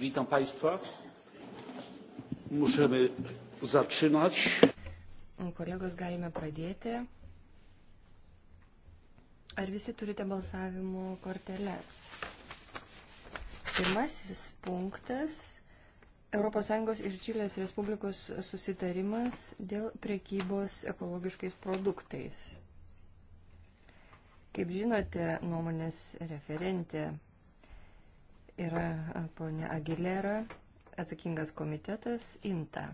Witam Państwa. Możemy zaczynać. Kolegos, galime pradėti. Ar visi turite balsavimo korteles? Pirmasis punktas ES ir Čilės Respublikos susitarimas dėl prekybos ekologiškais produktais. Kaip žinote, nuomonės referentė yra ponia Aguilera, atsakingas komitetas INTA.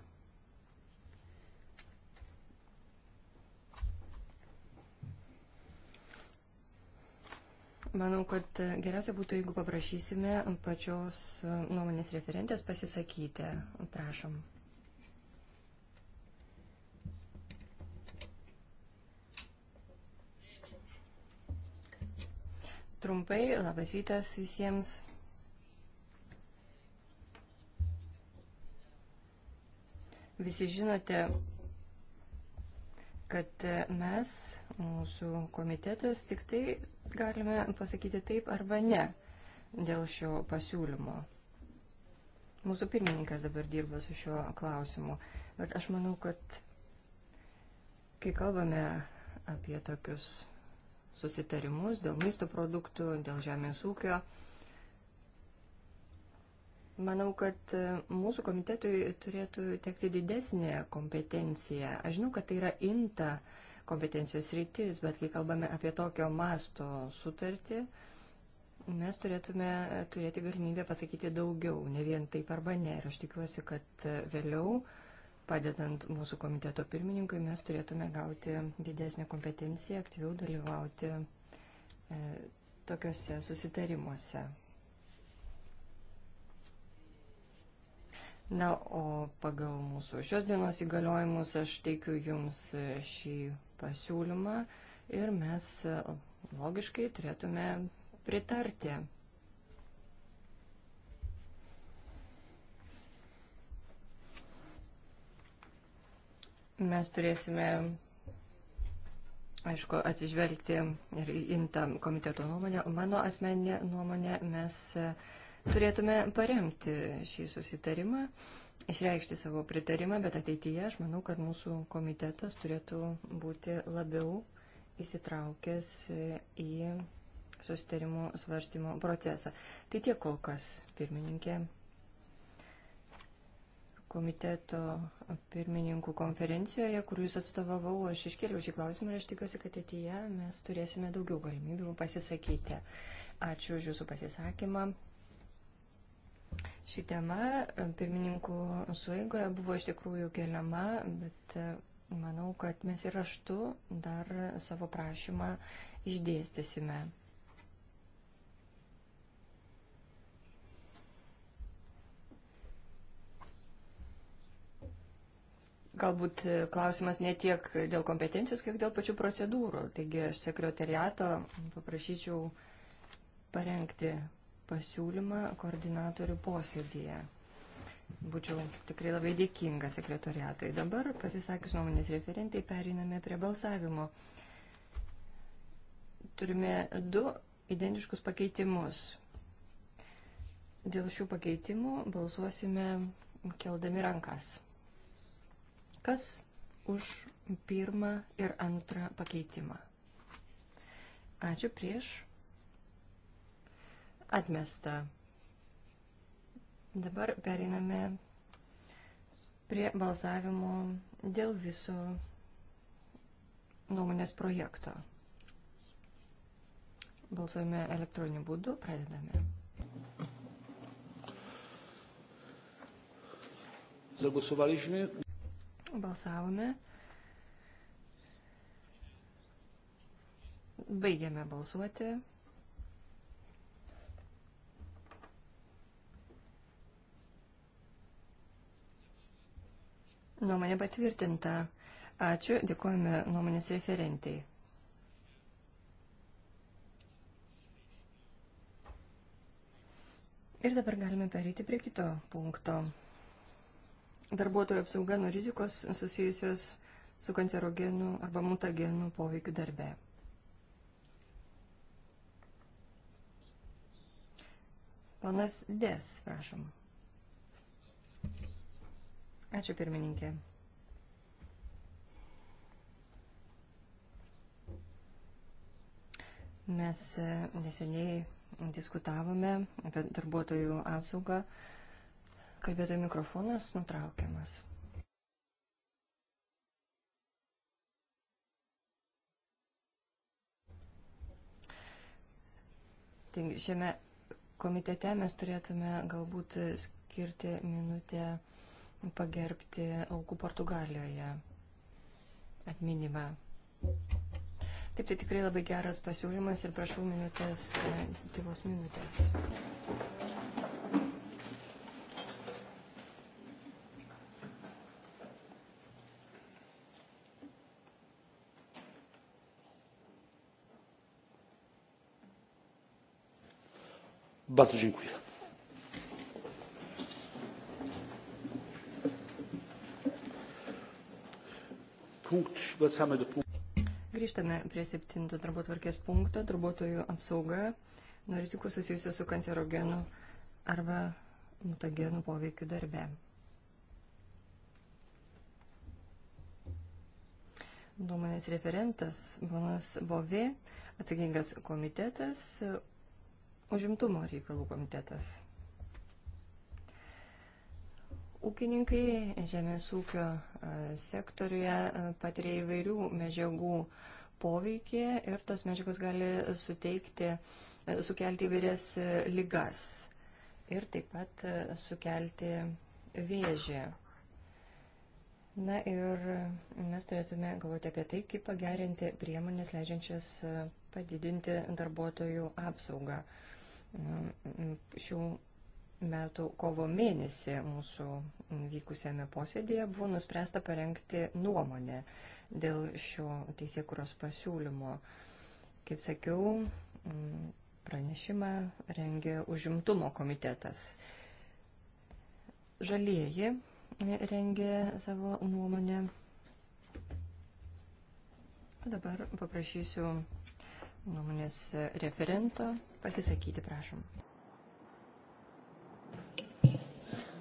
Manau, kad geriausia būtų, jeigu paprašysime pačios nuomonės referentės pasisakyti. Prašom. Trumpai, labas rytas visiems. Visi žinote, kad mes, mūsų komitetas, tik tai galime pasakyti taip arba ne dėl šio pasiūlymo. Mūsų pirmininkas dabar dirba su šiuo klausimu. Bet aš manau, kad kai kalbame apie tokius susitarimus dėl maisto produktų, dėl žemės ūkio, Manau, kad e, mūsų komitetui turėtų tekti didesnė kompetencija. Aš žinau, kad tai yra inta kompetencijos rytis, bet kai kalbame apie tokio masto sutartį, mes turėtume turėti galimybę pasakyti daugiau, ne vien taip arba ne. Ir aš tikiuosi, kad e, vėliau, padedant mūsų komiteto pirmininkui, mes turėtume gauti didesnę kompetenciją, aktyviau dalyvauti e, tokiuose susitarimuose. Na, o pagal mūsų šios dienos įgaliojimus aš teikiu Jums šį pasiūlymą ir mes logiškai turėtume pritarti. Mes turėsime, aišku, atsižvelgti ir į intą komiteto nuomonę. Mano asmeninė nuomonė mes. Uh, turėtume paremti šį susitarimą, išreikšti savo pritarimą, bet ateityje aš manau, kad mūsų komitetas turėtų būti labiau įsitraukęs į susitarimų svarstymo procesą. Tai tiek kol kas, pirmininkė komiteto pirmininkų konferencijoje, kur jūs atstovavau, aš iškėliau šį klausimą ir aš tikiuosi, kad ateityje mes turėsime daugiau galimybių pasisakyti. Ačiū už jūsų pasisakymą. Ši tema e, pirmininkų sueigoje buvo iš tikrųjų keliama, bet e, manau, kad mes ir raštu dar savo prašymą išdėstysime. galbūt e, klausimas ne tiek dėl kompetencijos, kiek dėl pačių procedūrų. Taigi aš sekretariato paprašyčiau parengti pasiūlymą koordinatorių posėdėje. Būčiau tikrai labai dėkinga sekretoriatui. Dabar, pasisakius nuomonės referentai, periname prie balsavimo. Turime du identiškus pakeitimus. Dėl šių pakeitimų balsuosime keldami rankas. Kas už pirmą ir antrą pakeitimą? Ačiū prieš Atmesta. Dabar pereiname prie balsavimo dėl viso nuomonės projekto. Balsuojame elektroniniu būdu, pradedame. Zagłosowaliśmy. Balsavome. Baigėme balsuoti. Nuomonė patvirtinta. Ačiū, dėkojame nuomonės referentai. Ir dabar galime perėti prie kito punkto. Darbuotojų apsauga nuo rizikos susijusios su kancerogenų arba mutagenų poveikiu darbe. Ponas Des, prašom. Ačiū pirmininkė. Mes e, neseniai diskutavome apie darbuotojų apsaugą. Kalbėtojų mikrofonas nutraukiamas. Taigi šiame komitete mes turėtume galbūt skirti minutę pagerbti aukų Portugalijoje atminimą. Taip, tai tikrai labai geras pasiūlymas ir prašau minutės, tyvos minutės. Bardzo dziękuję. Grįžtame prie septinto darbotvarkės punkto, darbuotojų apsauga nuo rizikų susijusių su kancerogenu arba mutagenų poveikiu darbe. Nuomonės referentas Bonas Bovė, atsakingas komitetas, užimtumo reikalų komitetas. Ūkininkai žemės ūkio e, sektoriuje e, patiria įvairių medžiagų poveikį ir tos medžiagos gali suteikti, e, sukelti įvairias lygas ir taip pat sukelti vėžį. Na ir mes turėtume galvoti apie tai, kaip pagerinti priemonės leidžiančias padidinti darbuotojų apsaugą mm, mm, šių metų kovo mėnesį mūsų vykusėme posėdėje buvo nuspręsta parengti nuomonę dėl šio teisėkuros pasiūlymo. Kaip sakiau, mm, pranešimą rengė užimtumo komitetas. Žalieji rengė savo nuomonę. Dabar paprašysiu nuomonės referento pasisakyti, prašom.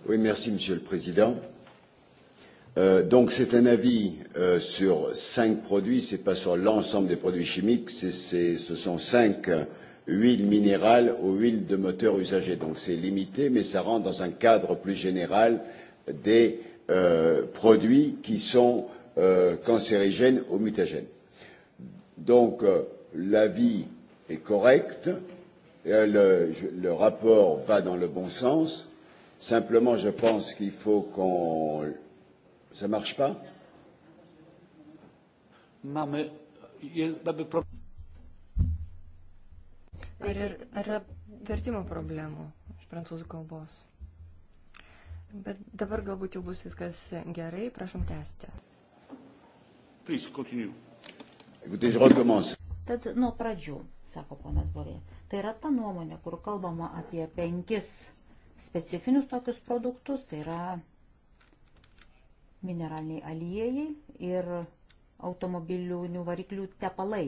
Oui, merci, Monsieur le Président. Euh, donc c'est un avis euh, sur cinq produits, ce n'est pas sur l'ensemble des produits chimiques, c est, c est, ce sont cinq euh, huiles minérales aux huiles de moteur usagées. Donc c'est limité, mais ça rentre dans un cadre plus général des euh, produits qui sont euh, cancérigènes ou mutagènes. Donc euh, l'avis est correct, euh, le, je, le rapport va dans le bon sens Simplement, je pense qu'il faut qu'on. Ça marche pas Mamy, jest, mamy problem. Ar yra vertimo problemų iš prancūzų kalbos? Bet dabar galbūt jau bus viskas gerai, prašom tęsti. Please, continue. Écoutez, je recommence. Tad nuo pradžių, sako ponas Borė. Tai yra ta nuomonė, kur kalbama apie penkis specifinius tokius produktus, tai yra mineraliniai aliejai ir automobilių variklių tepalai.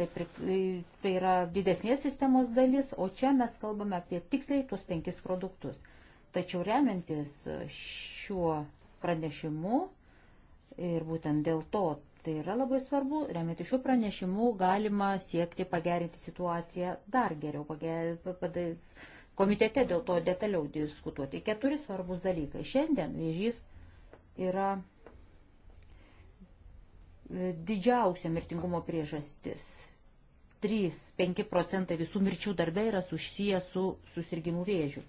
Tai, tai, tai yra didesnės sistemos dalis, o čia mes kalbame apie tiksliai tuos penkis produktus. Tačiau remiantis šiuo pranešimu ir būtent dėl to tai yra labai svarbu, remiantis šiuo pranešimu galima siekti pagerinti situaciją dar geriau, pagerinti, komitete dėl to detaliau diskutuoti. Tai keturi svarbus dalykai. Šiandien vėžys yra e, didžiausia mirtingumo priežastis. 3-5 procentai visų mirčių darbė yra susiję su susirgymų vėžiu.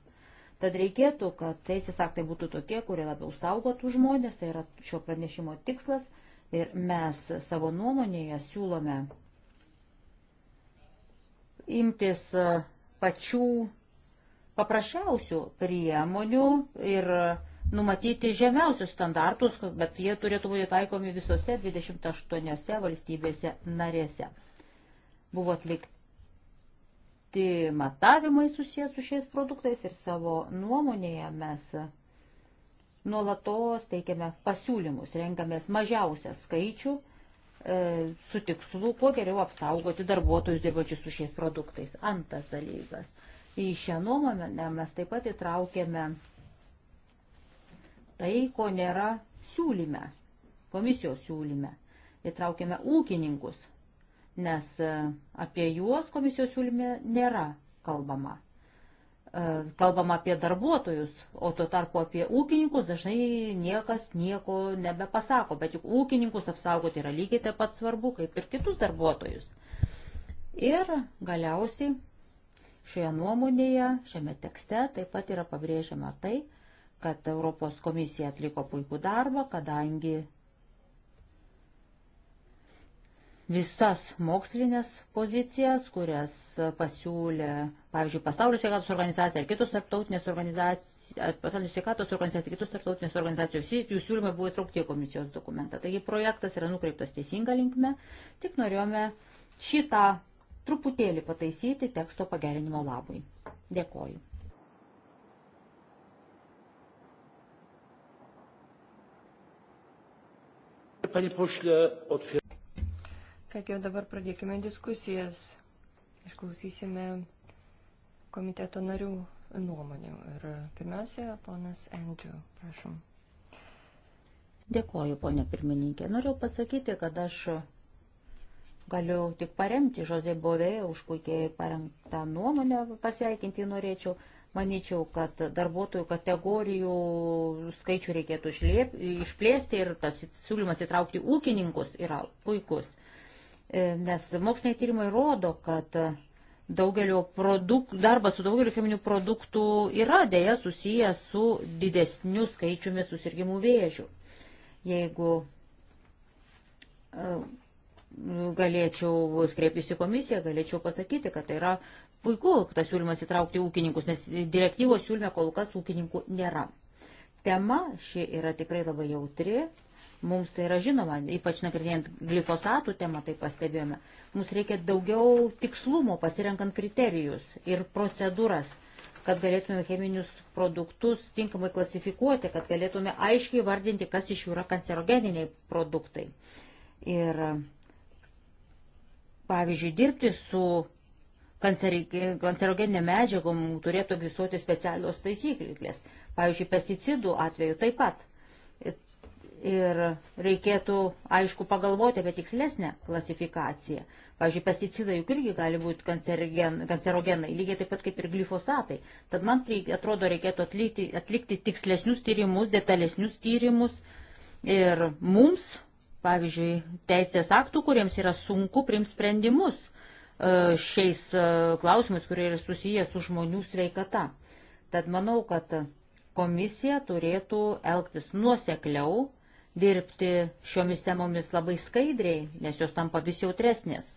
Tad reikėtų, kad teisės aktai būtų tokie, kurie labiau saugotų žmonės, tai yra šio pranešimo tikslas ir mes savo nuomonėje siūlome imtis e, pačių paprasčiausių priemonių ir numatyti žemiausius standartus, bet jie turėtų būti taikomi visose 28 valstybėse narėse. Buvo atlikti matavimai susijęs su šiais produktais ir savo nuomonėje mes nuolatos teikiame pasiūlymus, renkamės mažiausią skaičių e, su tikslu, kuo geriau apsaugoti darbuotojus dirbančius su šiais produktais. Antras dalykas. E, Į šią nuomonę mes taip pat įtraukėme tai, ko nėra siūlyme, komisijos siūlyme. Įtraukėme ūkininkus, nes e, apie juos komisijos siūlyme nėra kalbama. E, kalbama apie darbuotojus, o tuo tarpu apie ūkininkus dažnai niekas nieko nebepasako, bet juk ūkininkus apsaugoti yra lygiai taip pat svarbu kaip ir kitus darbuotojus. Ir galiausiai Šioje nuomonėje, šiame tekste taip pat yra pabrėžiama tai, kad Europos komisija atliko puikų darbą, kadangi visas mokslinės pozicijas, kurias pasiūlė, pavyzdžiui, Pasaulio sveikatos organizacija ar kitos tarptautinės organizacijos, Pasaulio sveikatos organizacija, kitos tarptautinės organizacijos, jų siūlymai buvo įtraukti į komisijos dokumentą. Taigi projektas yra nukreiptas teisinga linkme, tik norėjome šitą truputėlį pataisyti teksto pagerinimo labui. Dėkoju. Kad jau dabar pradėkime diskusijas, išklausysime komiteto narių nuomonių. Ir pirmiausia, ponas Andrew, prašom. Dėkoju, ponė pirmininkė. Noriu pasakyti, kad aš Galiu tik paremti Žozė Bovė už puikiai parengtą nuomonę, pasveikinti norėčiau. Maničiau, kad darbuotojų kategorijų skaičių reikėtų išlėp, išplėsti ir tas siūlymas įtraukti ūkininkus yra puikus. E, nes moksliniai tyrimai rodo, kad daugelio produktų, darbas su daugeliu cheminių produktų yra dėja susijęs su didesniu skaičiumi susirgymų vėžių. Jeigu e, galėčiau kreiptis į komisiją, galėčiau pasakyti, kad tai yra puiku tas siūlymas įtraukti ūkininkus, nes direktyvos siūlyme kol kas ūkininkų nėra. Tema ši yra tikrai labai jautri, mums tai yra žinoma, ypač nagrinėjant glifosatų temą, tai pastebėjome. Mums reikia daugiau tikslumo pasirenkant kriterijus ir procedūras kad galėtume cheminius produktus tinkamai klasifikuoti, kad galėtume aiškiai vardinti, kas iš jų yra kancerogeniniai produktai. Ir Pavyzdžiui, dirbti su kancerogeninė medžiagom turėtų egzistuoti specialios taisyklės. Pavyzdžiui, pesticidų atveju taip pat. Ir reikėtų, aišku, pagalvoti apie tikslesnę klasifikaciją. Pavyzdžiui, pesticidai juk irgi gali būti kancerogen, kancerogenai, lygiai taip pat kaip ir glifosatai. Tad man atrodo, reikėtų atlikti, atlikti tikslesnius tyrimus, detalesnius tyrimus. Ir mums pavyzdžiui, teisės aktų, kuriems yra sunku priimti sprendimus e, šiais e, klausimais, kurie yra susijęs su žmonių sveikata. Tad manau, kad komisija turėtų elgtis nuosekliau, dirbti šiomis temomis labai skaidriai, nes jos tampa vis jautresnės.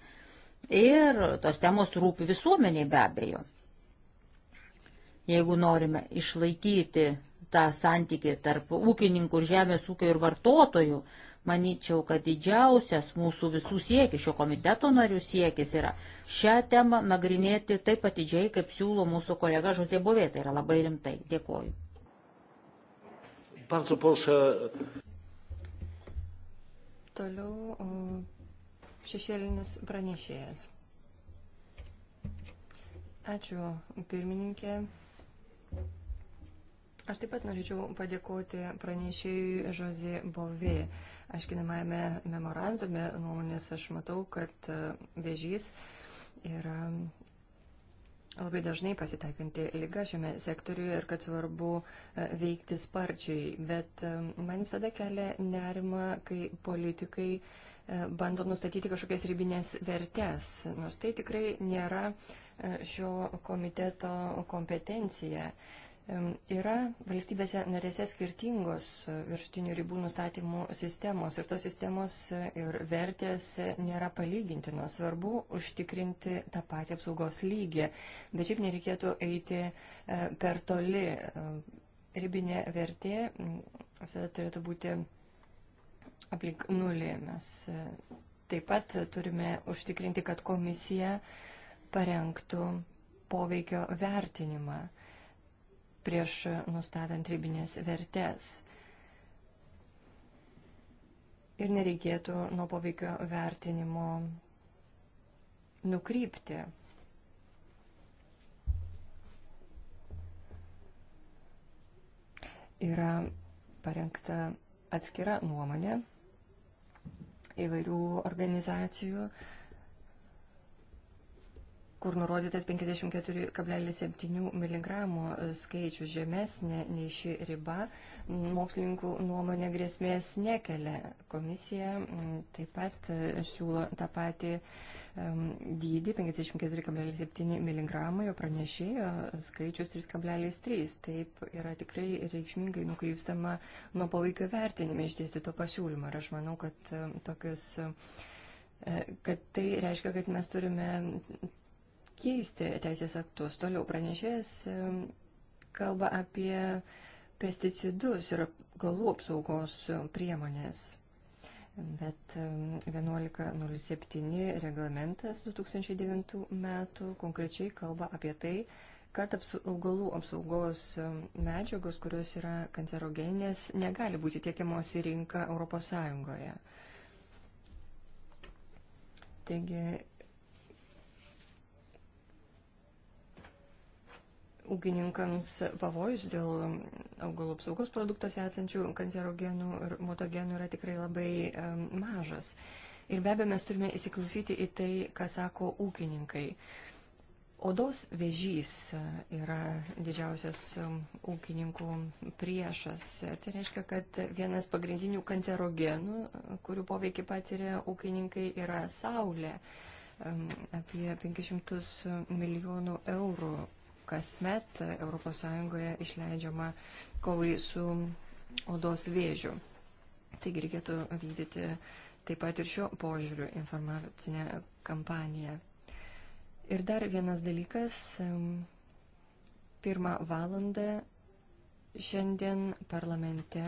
Ir tos temos rūpi visuomeniai be abejo. Jeigu norime išlaikyti tą santykį tarp ūkininkų, žemės ūkio ir vartotojų, Maničiau, kad didžiausias mūsų visų siekis, šio komiteto narių siekis yra šią temą nagrinėti taip atidžiai, kaip siūlo mūsų kolega Žozė Bovė. Tai yra labai rimtai. Dėkuoju. Bardzo proszę. Toliau o, šešėlinis pranešėjas. Ačiū, pirmininkė. Aš taip pat norėčiau padėkoti pranešėjui Žozė Bovė. Aiškinamajame memorandume nuomonės aš matau, kad e, vėžys yra labai dažnai pasitaikanti lyga šiame sektoriuje ir kad svarbu e, veikti sparčiai. Bet e, man visada kelia nerima, kai politikai bando nustatyti kažkokias ribinės vertės, nors tai tikrai nėra šio komiteto kompetencija. Yra valstybėse narėse skirtingos e, viršutinių ribų nustatymų sistemos ir tos sistemos e, ir vertės e, nėra palygintinos. Svarbu užtikrinti tą patį apsaugos lygį, bet šiaip nereikėtų eiti per toli. Ribinė vertė visada turėtų būti aplink nulį. Mes taip pat turime užtikrinti, kad komisija parengtų poveikio vertinimą prieš nustatant ribinės vertės. Ir nereikėtų nuo poveikio vertinimo nukrypti. Yra parengta atskira nuomonė įvairių organizacijų, uh, kur nurodytas 54,7 mg skaičius žemesnė nei ši riba, mokslininkų nuomonė grėsmės nekelia. Komisija mm, taip pat e, siūlo tą patį dydį 54,7 mg, jo pranešėjo skaičius 3,3. Taip yra tikrai reikšmingai nukrypstama nuo poveikio vertinime išdėstyto pasiūlymo. Ir aš manau, kad e, tokius e, kad tai reiškia, kad mes turime keisti teisės aktus. Toliau pranešėjas kalba apie pesticidus ir galų apsaugos priemonės. Bet 1107 reglamentas 2009 metų konkrečiai kalba apie tai, kad augalų apsaugos medžiagos, kurios yra kancerogeninės, negali būti tiekiamos į rinką ES. Taigi ūkininkams pavojus dėl augalų apsaugos produktuose esančių kancerogenų ir mutogenų yra tikrai labai mažas. Ir be abejo, mes turime įsiklausyti į tai, ką sako ūkininkai. Odos vėžys e, yra didžiausias ūkininkų priešas. Ir tai reiškia, kad vienas pagrindinių kancerogenų, kurių poveikį patiria ūkininkai, yra saulė. Apie 500 milijonų eurų kasmet ES išleidžiama kovai su odos vėžiu. Taigi reikėtų vykdyti taip pat ir šiuo požiūriu informacinę kampaniją. Ir dar vienas dalykas. Pirmą valandą šiandien parlamente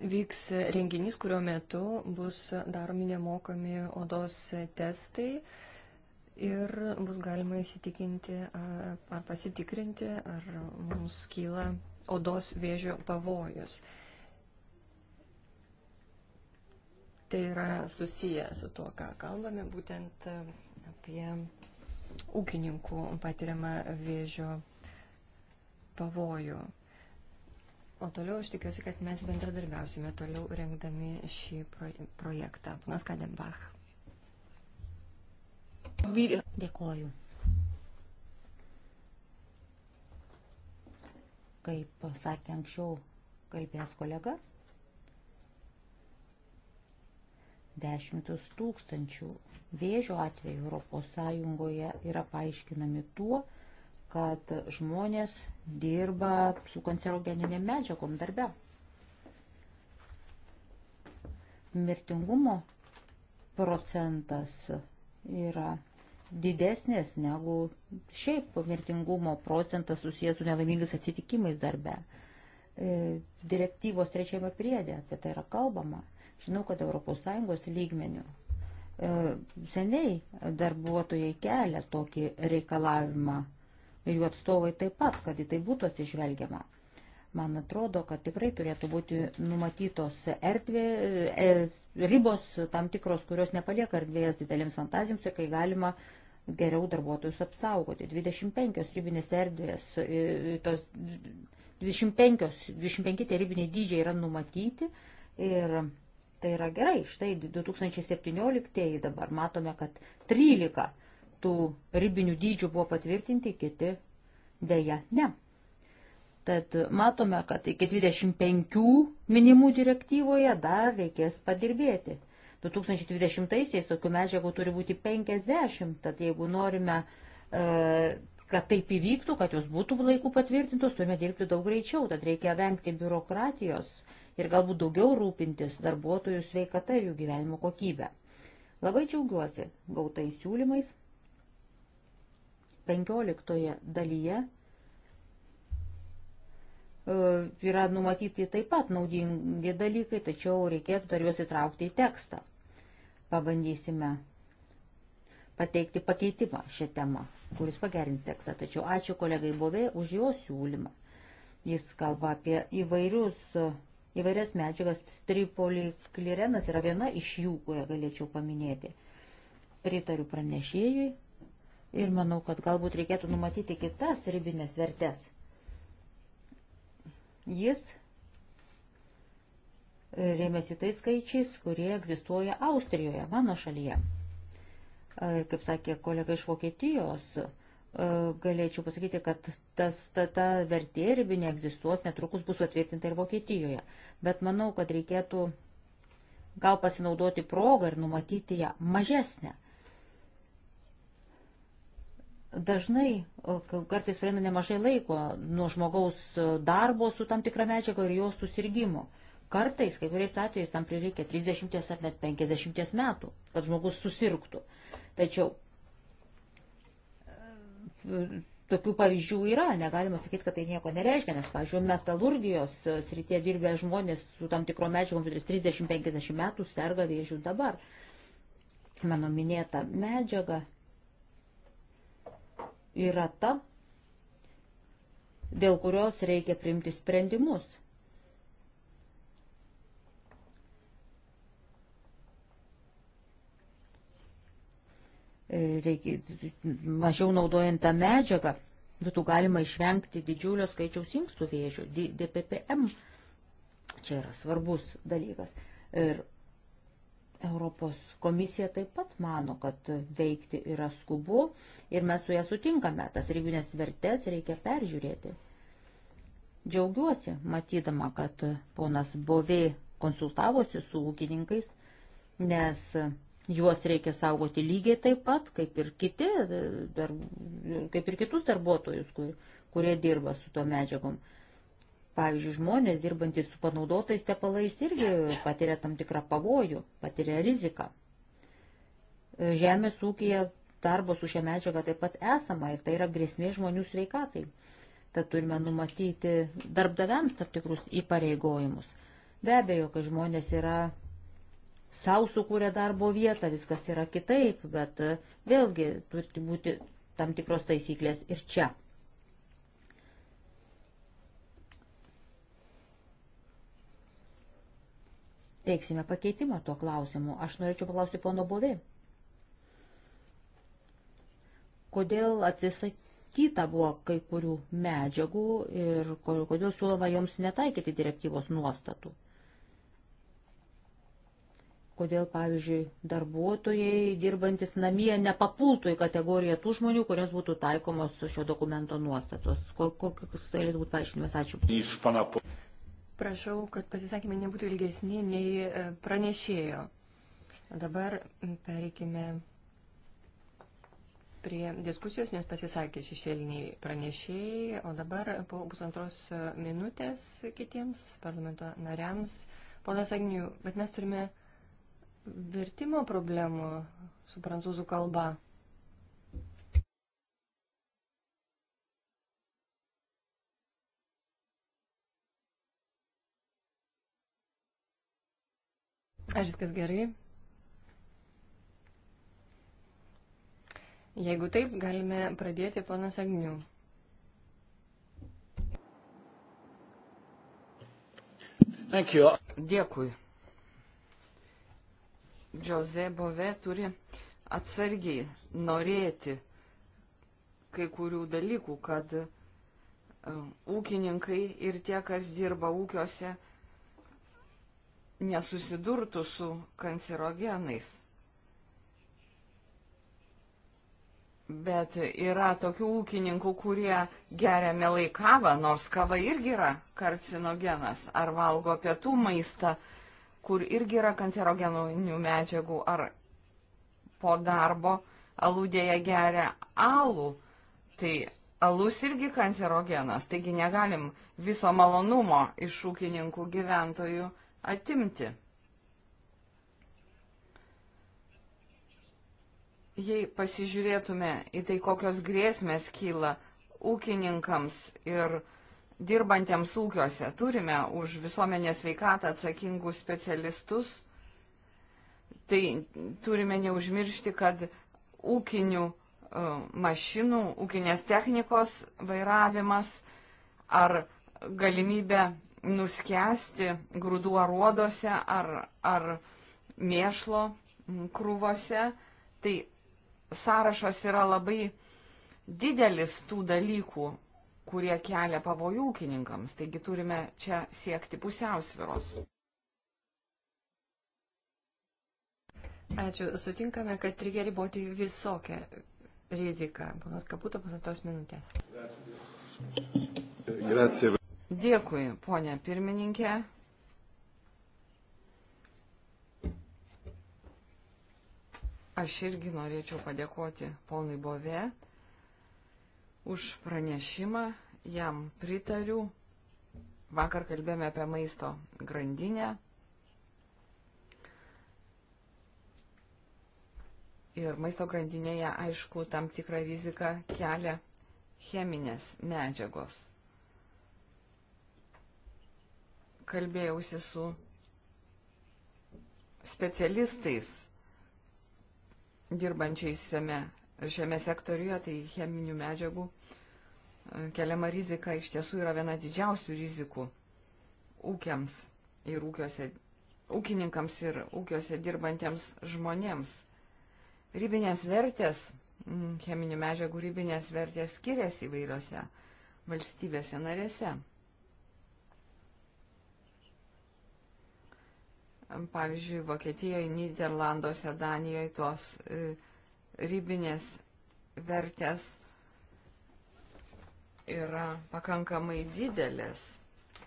vyks renginys, kurio metu bus daromi nemokami odos testai ir bus galima įsitikinti ar pasitikrinti, ar mums kyla odos vėžio pavojus. Tai yra susiję su tuo, ką kalbame, būtent apie ūkininkų patiriamą vėžio pavojų. O toliau aš tikiuosi, kad mes bendradarbiausime toliau rengdami šį projektą. Ponas Kadembach. Dėkoju. Kaip pasakė anksčiau kalbės kolega, dešimtus tūkstančių vėžio atvejų Europos Sąjungoje yra paaiškinami tuo, kad kad žmonės dirba su kancerogeninėm medžiagom darbe. Mirtingumo procentas yra didesnės negu šiaip mirtingumo procentas susijęs su nelaimingais atsitikimais darbe. E, direktyvos trečiame priedė apie tai yra kalbama. Žinau, kad ES lygmenių e, seniai darbuotojai kelia tokį reikalavimą ir jų atstovai taip pat, kad į tai būtų atsižvelgiama. Man atrodo, kad tikrai turėtų būti numatytos erdvė, e, ribos tam tikros, kurios nepalieka erdvės didelėms fantazijoms ir kai galima geriau darbuotojus apsaugoti. 25 ribinės erdvės, e, tos 25, 25 tie ribiniai dydžiai yra numatyti ir tai yra gerai. Štai 2017 dabar matome, kad 13 tų ribinių dydžių buvo patvirtinti, kiti dėja ne. Tad matome, kad iki 25 minimų direktyvoje dar reikės padirbėti. 2020-aisiais tokių medžiagų turi būti 50, tad jeigu norime, e, kad taip įvyktų, kad jos būtų laiku patvirtintos, turime dirbti daug greičiau, tad reikia vengti biurokratijos ir galbūt daugiau rūpintis darbuotojų sveikata ir jų gyvenimo kokybė. Labai džiaugiuosi gautais siūlymais 15 dalyje e, yra numatyti taip pat naudingi dalykai, tačiau reikėtų dar juos įtraukti į tekstą. Pabandysime pateikti pakeitimą šią temą, kuris pagerins tekstą. Tačiau ačiū kolegai Bovė už jo siūlymą. Jis kalba apie įvairius, įvairias medžiagas. Tripoliklirenas yra viena iš jų, kurią galėčiau paminėti. Pritariu pranešėjui ir manau, kad galbūt reikėtų numatyti kitas ribinės vertės. Jis rėmėsi tais skaičiais, kurie egzistuoja Austrijoje, mano šalyje. Ir kaip sakė kolega iš Vokietijos, e, galėčiau pasakyti, kad tas, ta, ta vertė ribinė egzistuos, netrukus bus atvirtinta ir Vokietijoje. Bet manau, kad reikėtų gal pasinaudoti progą ir numatyti ją mažesnę. Dažnai, kartais praeina nemažai laiko nuo žmogaus darbo su tam tikra medžiaga ir jo susirgymo. Kartais, kai kuriais atvejais, tam prireikia 30 ar net 50 metų, kad žmogus susirgtų. Tačiau e, tokių pavyzdžių yra, negalima sakyti, kad tai nieko nereiškia, nes, pavyzdžiui, metalurgijos e, srityje dirbę žmonės su tam tikro medžiagom 30-50 metų serga vėžių dabar. Mano minėta medžiaga yra ta, dėl kurios reikia priimti sprendimus. Reikia, mažiau naudojant tą medžiagą, būtų galima išvengti didžiulio skaičiaus inkstų vėžių. DPPM čia yra svarbus dalykas. Ir Europos komisija taip pat mano, kad veikti yra skubu ir mes su ją sutinkame, tas ribinės vertės reikia peržiūrėti. Džiaugiuosi, matydama, kad ponas Bovė konsultavosi su ūkininkais, nes juos reikia saugoti lygiai taip pat, kaip ir, kiti, dar, kaip ir kitus darbuotojus, kur, kurie dirba su to medžiagom. Pavyzdžiui, žmonės dirbantys su panaudotais tepalais irgi patiria tam tikrą pavojų, patiria riziką. Žemės ūkija darbo su šia medžiaga taip pat esama ir tai yra grėsmė žmonių sveikatai. Tad turime numatyti darbdaviams tam tikrus įpareigojimus. Be abejo, kai žmonės yra savo sukūrę darbo vietą, viskas yra kitaip, bet vėlgi turi būti tam tikros taisyklės ir čia. teiksime pakeitimą tuo klausimu. Aš norėčiau paklausti pono Bovė. Kodėl atsisakyta buvo kai kurių medžiagų ir kodėl siūloma joms netaikyti direktyvos nuostatų? Kodėl, pavyzdžiui, darbuotojai dirbantis namie nepapultų į kategoriją tų žmonių, kuriems būtų taikomos šio dokumento nuostatos? Kokius galėtų būti paaiškinimas? Ačiū prašau, kad pasisakymai nebūtų ilgesni nei e, pranešėjo. Dabar pereikime prie diskusijos, nes pasisakė šešėliniai pranešėjai, o dabar po pusantros e, minutės kitiems parlamento nariams. Ponas Agnių, bet mes turime vertimo problemų su prancūzų kalba. Ar viskas gerai? Jeigu taip, galime pradėti ponas Agnių. Dėkui. Džoze Bove turi atsargiai norėti kai kurių dalykų, kad um, ūkininkai ir tie, kas dirba ūkiuose, nesusidurtų su kancerogenais. Bet yra tokių ūkininkų, kurie geria melai kavą, nors kava irgi yra karcinogenas, ar valgo pietų maistą, kur irgi yra kancerogeninių medžiagų, ar po darbo aludėje geria alų. Tai alus irgi kancerogenas, taigi negalim viso malonumo iš ūkininkų gyventojų atimti. Jei pasižiūrėtume į tai, kokios grėsmės kyla ūkininkams ir dirbantiems ūkiuose, turime už visuomenės veikatą atsakingus specialistus, tai turime neužmiršti, kad ūkinių e, mašinų, ūkinės technikos vairavimas ar galimybė nuskesti grūdų aruodose ar, ar mėšlo krūvose. Tai sąrašas yra labai didelis tų dalykų, kurie kelia pavojų ūkininkams. Taigi turime čia siekti pusiausviros. Ačiū. Sutinkame, kad reikia riboti visokią riziką. Ponas Kaputo, pusantros minutės. Grazie. Grazie. Dėkui, ponė pirmininkė. Aš irgi norėčiau padėkoti ponui Bove už pranešimą, jam pritariu. Vakar kalbėjome apie maisto grandinę. Ir maisto grandinėje, aišku, tam tikrą riziką kelia cheminės medžiagos. kalbėjausi su specialistais dirbančiais šiame, šiame sektoriuje, tai cheminių medžiagų e, keliama rizika iš tiesų yra viena didžiausių rizikų ūkiams ir ūkiuose, ūkininkams ir ūkiuose dirbantiems žmonėms. Rybinės vertės, mm, cheminių medžiagų rybinės vertės skiriasi įvairiose valstybėse narėse. Pavyzdžiui, Vokietijoje, Niderlanduose, Danijoje tos e, ribinės vertės yra pakankamai didelės.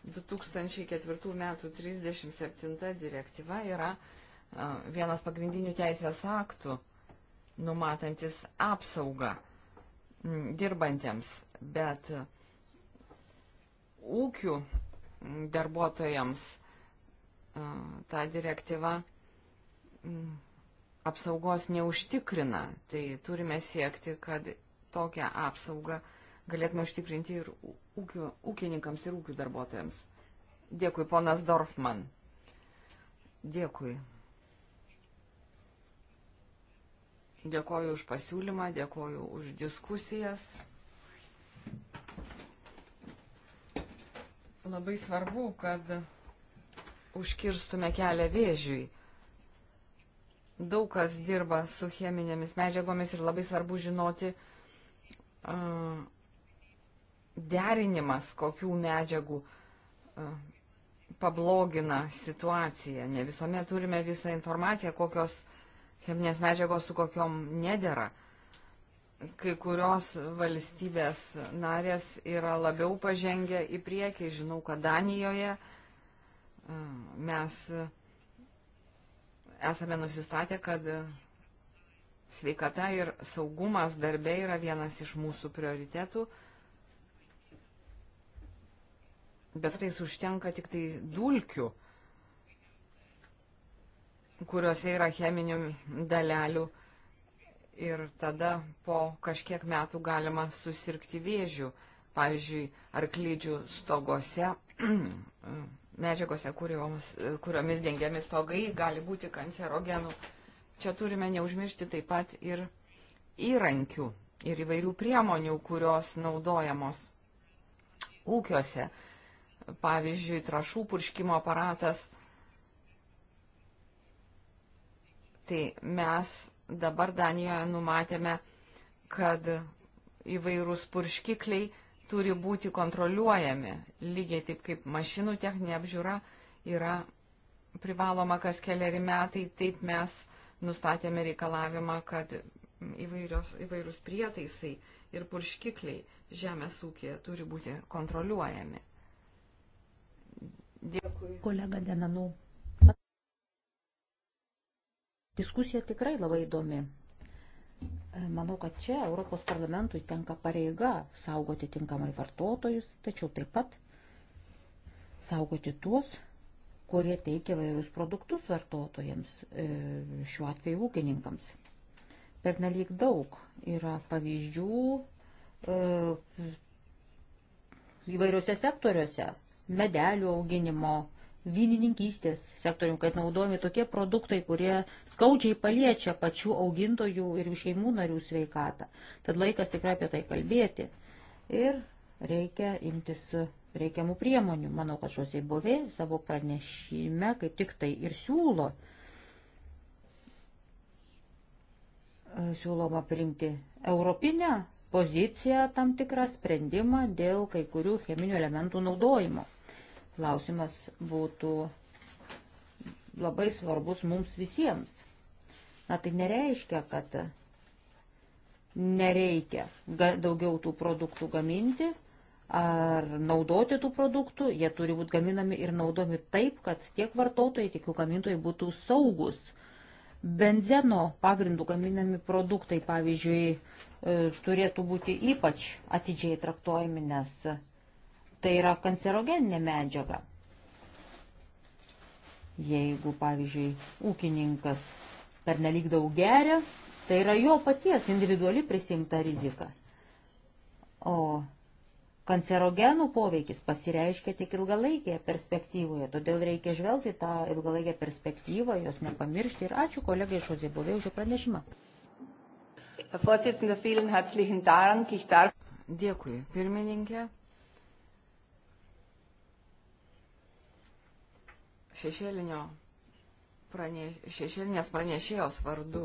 2004 metų 37 direktyva yra e, vienas pagrindinių teisės aktų numatantis apsaugą dirbantiems, bet e, ūkių darbuotojams ta direktyva apsaugos neužtikrina, tai turime siekti, kad tokią apsaugą galėtume užtikrinti ir ūkio, ūkininkams ir ūkių darbuotojams. Dėkui, ponas Dorfman. Dėkui. Dėkoju už pasiūlymą, dėkoju už diskusijas. Labai svarbu, kad užkirstume kelią vėžiui. Daug kas dirba su cheminėmis medžiagomis ir labai svarbu žinoti uh, derinimas, kokių medžiagų uh, pablogina situaciją. Ne visuomet turime visą informaciją, kokios cheminės medžiagos su kokiom nedėra. Kai kurios valstybės narės yra labiau pažengę į priekį. Žinau, kad Danijoje uh, mes esame nusistatę, kad sveikata ir saugumas darbė yra vienas iš mūsų prioritetų, bet tais užtenka tik tai dulkių, kuriuose yra cheminių dalelių ir tada po kažkiek metų galima susirgti vėžių, pavyzdžiui, arklydžių stogose medžiagose, kuriomis, kuriomis dengiami stogai, gali būti kancerogenų. Čia turime neužmiršti taip pat ir įrankių ir įvairių priemonių, kurios naudojamos ūkiuose. Pavyzdžiui, trašų purškimo aparatas. Tai mes dabar Danijoje numatėme, kad įvairūs purškikliai turi būti kontroliuojami, lygiai taip kaip mašinų techninė apžiūra yra privaloma kas keliari metai, taip mes nustatėme reikalavimą, kad įvairios, įvairūs prietaisai ir purškikliai žemės ūkėje turi būti kontroliuojami. Dėkui. Kolega Denanu. Diskusija tikrai labai įdomi. Manau, kad čia Europos parlamentui tenka pareiga saugoti tinkamai vartotojus, tačiau taip pat saugoti tuos, kurie teikia vairius produktus vartotojams, e, šiuo atveju ūkininkams. Per nelik daug yra pavyzdžių e, įvairiuose sektoriuose - medelių auginimo, vynininkystės sektorium, kad naudojami tokie produktai, kurie skaudžiai paliečia pačių augintojų ir jų šeimų narių sveikatą. Tad laikas tikrai apie tai kalbėti. Ir reikia imtis reikiamų priemonių. Manau, kad šios įbuvė savo pranešime kaip tik tai ir siūlo. Siūloma priimti europinę poziciją tam tikrą sprendimą dėl kai kurių cheminių elementų naudojimo klausimas būtų labai svarbus mums visiems. Na tai nereiškia, kad nereikia daugiau tų produktų gaminti ar naudoti tų produktų, jie turi būti gaminami ir naudomi taip, kad tiek vartotojai, tiek jų gamintojai būtų saugus. Benzeno pagrindų gaminami produktai, pavyzdžiui, e, turėtų būti ypač atidžiai traktuojami, nes tai yra kancerogeninė medžiaga. Jeigu, pavyzdžiui, ūkininkas per nelik daug geria, tai yra jo paties individuali prisimta rizika. O kancerogenų poveikis pasireiškia tik ilgalaikėje perspektyvoje, todėl reikia žvelgti tą ilgalaikę perspektyvą, jos nepamiršti ir ačiū kolegai iš Ozibovė už pranešimą. Dėkui, pirmininkė. šešėlinio praneš, šešėlinės pranešėjos vardu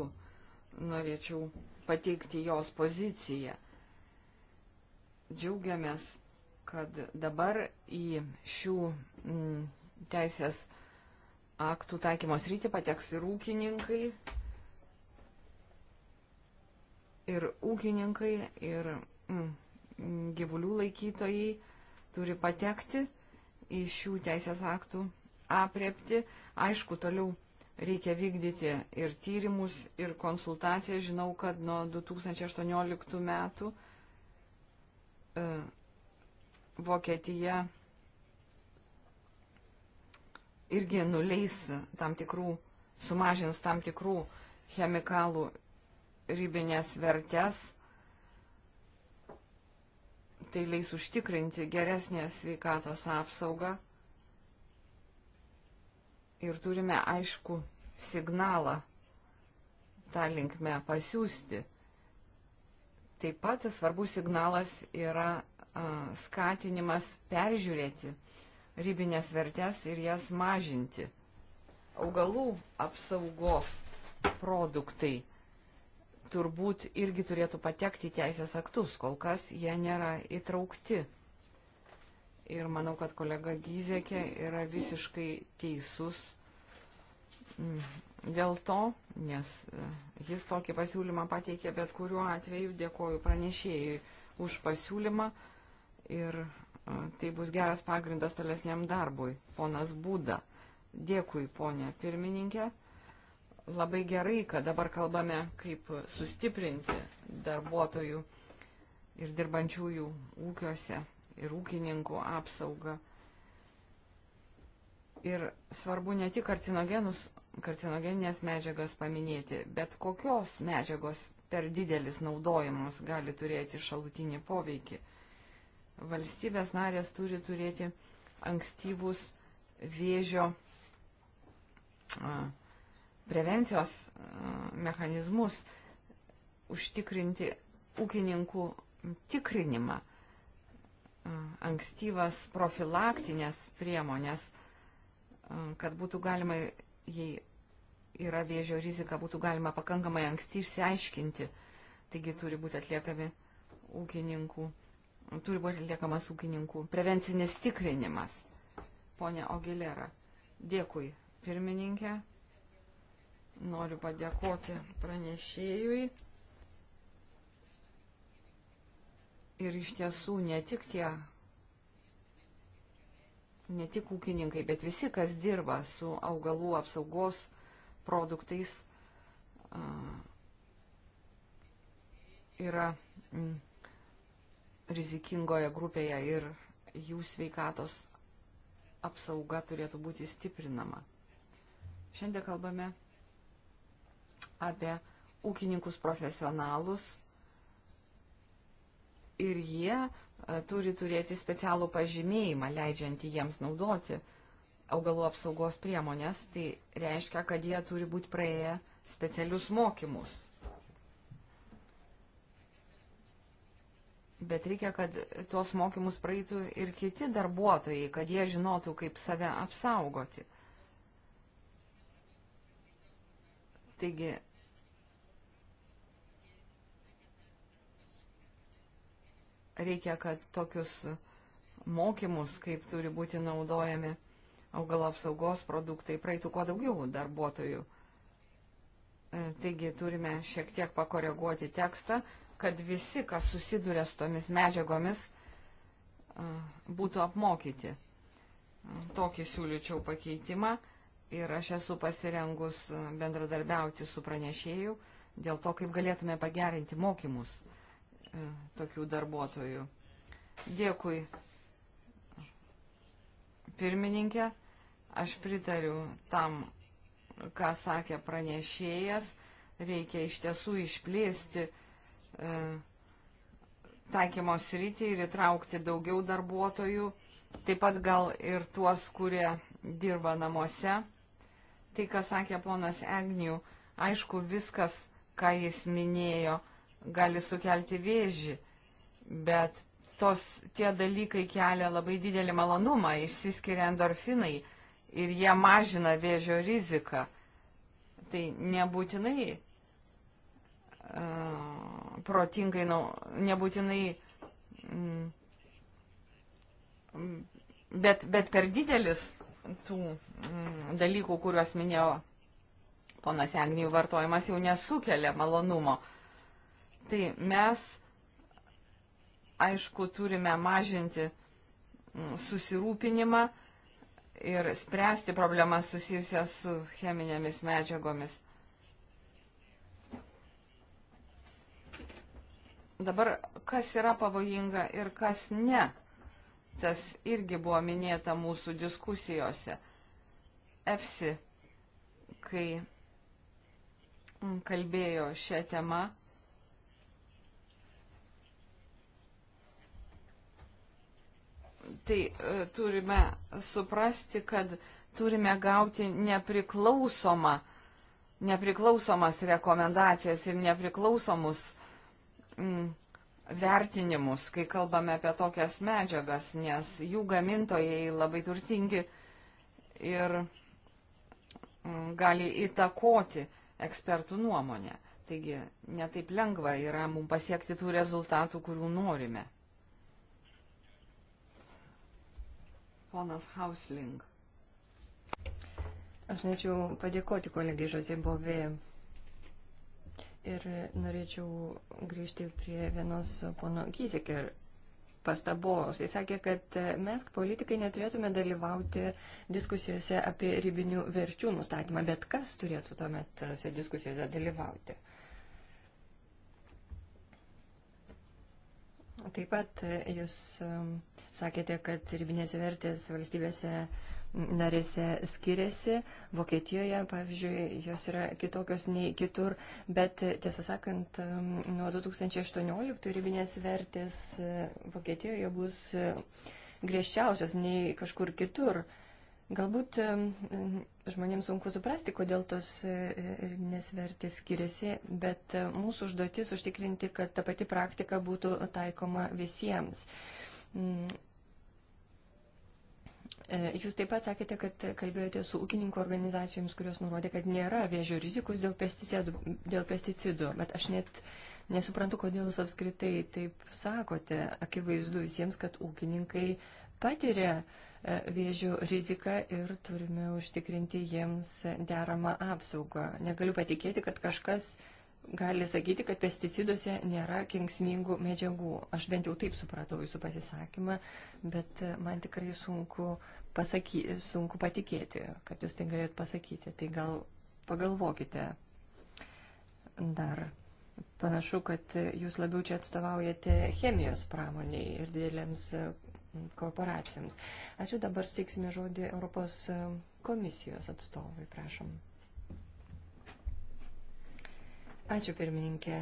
norėčiau pateikti jos poziciją. Džiaugiamės, kad dabar į šių m, mm, teisės aktų taikymos rytį pateks ir ūkininkai, ir ūkininkai, ir mm, gyvulių laikytojai turi patekti į šių teisės aktų apriepti. Aišku, toliau reikia vykdyti ir tyrimus, ir konsultacijas. Žinau, kad nuo 2018 metų e, Vokietija irgi nuleis tam tikrų, sumažins tam tikrų chemikalų ribinės vertės. Tai leis užtikrinti geresnę sveikatos apsaugą ir turime aišku signalą tą linkmę pasiūsti. Taip pat svarbus signalas yra a, skatinimas peržiūrėti ribinės vertės ir jas mažinti. Augalų apsaugos produktai turbūt irgi turėtų patekti į teisės aktus, kol kas jie nėra įtraukti ir manau, kad kolega Gyzekė yra visiškai teisus mm, dėl to, nes e, jis tokį pasiūlymą pateikė, bet kuriuo atveju dėkoju pranešėjai už pasiūlymą ir e, tai bus geras pagrindas tolesniam darbui. Ponas Būda, dėkui ponė pirmininkė. Labai gerai, kad dabar kalbame, kaip sustiprinti darbuotojų ir dirbančiųjų ūkiuose ir ūkininkų apsaugą. Ir svarbu ne tik karcinogenus, karcinogeninės medžiagas paminėti, bet kokios medžiagos per didelis naudojimas gali turėti šalutinį poveikį. Valstybės narės turi turėti ankstyvus vėžio prevencijos mechanizmus, užtikrinti ūkininkų tikrinimą ankstyvas profilaktinės priemonės, kad būtų galima, jei yra vėžio rizika, būtų galima pakankamai anksti išsiaiškinti. Taigi turi būti atliekami ūkininkų, turi būti atliekamas ūkininkų prevencinis tikrinimas. Pone Ogilera, dėkui pirmininkė. Noriu padėkoti pranešėjui. Ir iš tiesų ne tik tie, ne tik ūkininkai, bet visi, kas dirba su augalų apsaugos produktais, yra rizikingoje grupėje ir jų sveikatos apsauga turėtų būti stiprinama. Šiandien kalbame apie ūkininkus profesionalus, ir jie e, turi turėti specialų pažymėjimą, leidžiantį jiems naudoti augalų apsaugos priemonės. Tai reiškia, kad jie turi būti praėję specialius mokymus. Bet reikia, kad tuos mokymus praeitų ir kiti darbuotojai, kad jie žinotų, kaip save apsaugoti. Taigi reikia, kad tokius mokymus, kaip turi būti naudojami augalo apsaugos produktai, praeitų kuo daugiau darbuotojų. E, taigi turime šiek tiek pakoreguoti tekstą, kad visi, kas susiduria su tomis medžiagomis, e, būtų apmokyti. E, tokį siūlyčiau pakeitimą ir aš esu pasirengus bendradarbiauti su pranešėju dėl to, kaip galėtume pagerinti mokymus E, tokių darbuotojų. Dėkui, pirmininkė. Aš pritariu tam, ką sakė pranešėjas. Reikia iš tiesų išplėsti e, taikymo sritį ir įtraukti daugiau darbuotojų. Taip pat gal ir tuos, kurie dirba namuose. Tai, ką sakė ponas Egnių, aišku, viskas, ką jis minėjo, gali sukelti vėžį, bet tos, tie dalykai kelia labai didelį malonumą, išsiskiria endorfinai ir jie mažina vėžio riziką. Tai nebūtinai uh, protingai, nu, nebūtinai, mm, bet, bet per didelis tų mm, dalykų, kuriuos minėjo ponas Egnijų vartojimas, jau nesukelia malonumo. Uh, Tai mes, aišku, turime mažinti mm, susirūpinimą ir spręsti problemas susijusias su cheminėmis medžiagomis. Dabar, kas yra pavojinga ir kas ne, tas irgi buvo minėta mūsų diskusijose. EFSI, kai mm, kalbėjo šią temą, tai e, turime suprasti, kad turime gauti nepriklausomą, nepriklausomas rekomendacijas ir nepriklausomus mm, vertinimus, kai kalbame apie tokias medžiagas, nes jų gamintojai labai turtingi ir mm, gali įtakoti ekspertų nuomonę. Taigi netaip lengva yra mums pasiekti tų rezultatų, kurių norime. Ponas Hausling. Aš norėčiau padėkoti kolegai Žozė Bovė. Ir norėčiau grįžti prie vienos pono Gyzikė pastabos. Jis sakė, kad mes, politikai, neturėtume dalyvauti diskusijose apie ribinių verčių nustatymą, bet kas turėtų tuomet tose diskusijose dalyvauti? Uh, Taip pat e, jūs e, sakėte, kad ribinės vertės valstybėse narėse skiriasi. Vokietijoje, pavyzdžiui, jos yra kitokios nei kitur, bet e, tiesą sakant, nuo 2018 ribinės vertės Vokietijoje bus griežčiausios nei kažkur kitur. Galbūt žmonėms sunku suprasti, kodėl tos ribinės e, e, vertės skiriasi, bet e, mūsų užduotis užtikrinti, kad ta pati praktika būtų taikoma visiems. Mm. Jūs taip pat sakėte, kad kalbėjote su ūkininkų organizacijoms, kurios nurodė, kad nėra vėžio rizikus dėl pesticidų, dėl pesticidų. bet aš net nesuprantu, kodėl jūs apskritai taip sakote. Akivaizdu visiems, kad ūkininkai patiria uh, E, vėžių riziką ir turime užtikrinti jiems deramą apsaugą. Negaliu patikėti, kad kažkas gali sakyti, kad pesticiduose nėra kenksmingų medžiagų. Aš bent jau taip supratau jūsų pasisakymą, bet e, man tikrai sunku, pasaky, sunku patikėti, kad jūs tai galėt pasakyti. Tai gal pagalvokite dar. Panašu, kad jūs labiau čia atstovaujate chemijos pramoniai ir didelėms korporacijoms. Ačiū, dabar suteiksime žodį Europos e, komisijos atstovui, prašom. Ačiū, pirmininkė.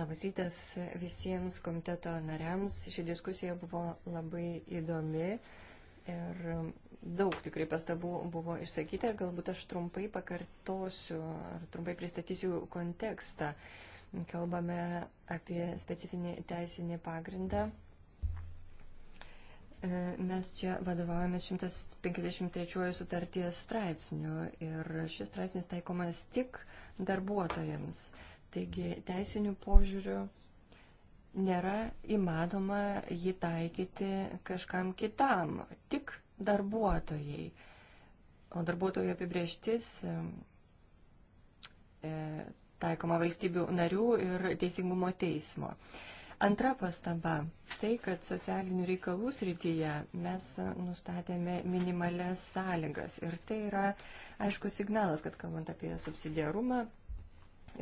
Labas rytas visiems komiteto nariams. Ši diskusija buvo labai įdomi ir daug tikrai pastabų buvo išsakyta. Galbūt aš trumpai pakartosiu ar trumpai pristatysiu kontekstą. Uh, Kalbame apie specifinį teisinį pagrindą. E, mes čia vadovaujamės 153 sutarties straipsnių ir šis straipsnis taikomas tik darbuotojams. Taigi teisinių požiūrių nėra įmanoma jį taikyti kažkam kitam, tik darbuotojai. O darbuotojų apibrieštis e, e taikoma valstybių narių ir teisingumo teismo. Antra pastaba - tai, kad socialinių reikalų srityje mes nustatėme minimales sąlygas. Ir tai yra aišku signalas, kad kalbant apie subsidiarumą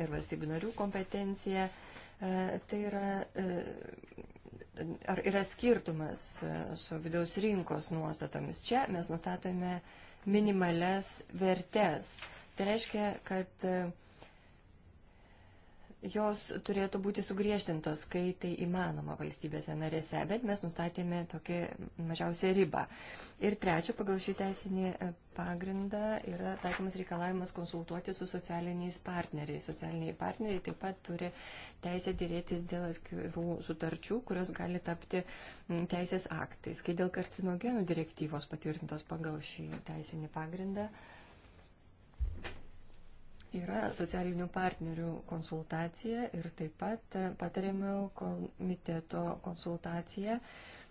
ir valstybių narių kompetenciją, e, tai yra e, ar yra skirtumas e, su vidaus rinkos nuostatomis. Čia mes nustatome minimales vertės. Tai reiškia, kad jos turėtų būti sugriežtintos, kai tai įmanoma valstybėse narėse, bet mes nustatėme tokį mažiausią ribą. Ir trečia, pagal šį teisinį e, pagrindą yra taikomas reikalavimas konsultuoti su socialiniais partneriais. Socialiniai partneriai taip pat turi teisę dėrėtis dėl atskirų sutarčių, kurios gali tapti teisės aktais. Kai dėl karcinogenų direktyvos patvirtintos pagal šį teisinį pagrindą, Yra socialinių partnerių konsultacija ir taip pat patariamių komiteto konsultacija.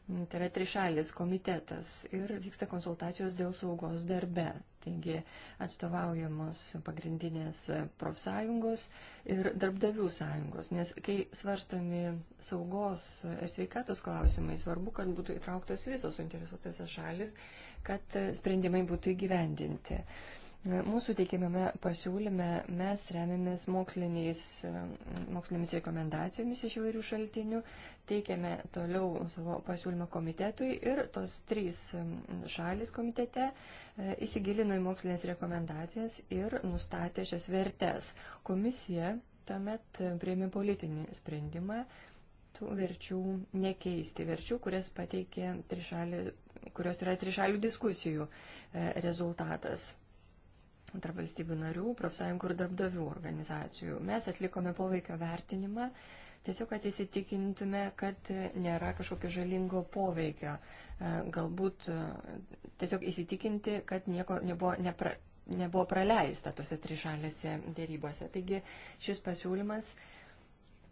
Tai yra trišalis komitetas ir vyksta konsultacijos dėl saugos darbe. Taigi atstovaujamos pagrindinės profsąjungos ir darbdavių sąjungos. Nes kai svarstomi saugos ir sveikatos klausimai, svarbu, kad būtų įtrauktos visos suinteresuotose šalis, kad sprendimai būtų įgyvendinti. Uh, Mūsų teikiamame pasiūlyme mes remiamės mokslinėmis rekomendacijomis iš įvairių šaltinių, teikiame toliau savo pasiūlymą komitetui ir tos trys šalis komitete e, įsigilino į mokslinės rekomendacijas ir nustatė šias vertes. Komisija tuomet prieimė politinį sprendimą tų verčių nekeisti, verčių, kurias pateikė trišalį, kurios yra trišalių diskusijų e, rezultatas tarp valstybių narių, profsąjungų ir darbdavių organizacijų. Mes atlikome poveikio vertinimą, tiesiog, kad įsitikintume, kad nėra kažkokio žalingo poveikio. E, galbūt e, tiesiog įsitikinti, kad nieko nebuvo, nepra, nebuvo praleista tose trišalėse dėrybose. Taigi šis pasiūlymas uh,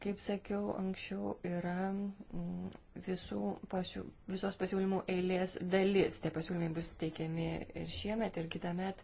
Kaip sakiau, anksčiau yra mm, visų pasiū, visos pasiūlymų eilės dalis. Tie pasiūlymai bus teikiami ir šiemet, ir kitą met,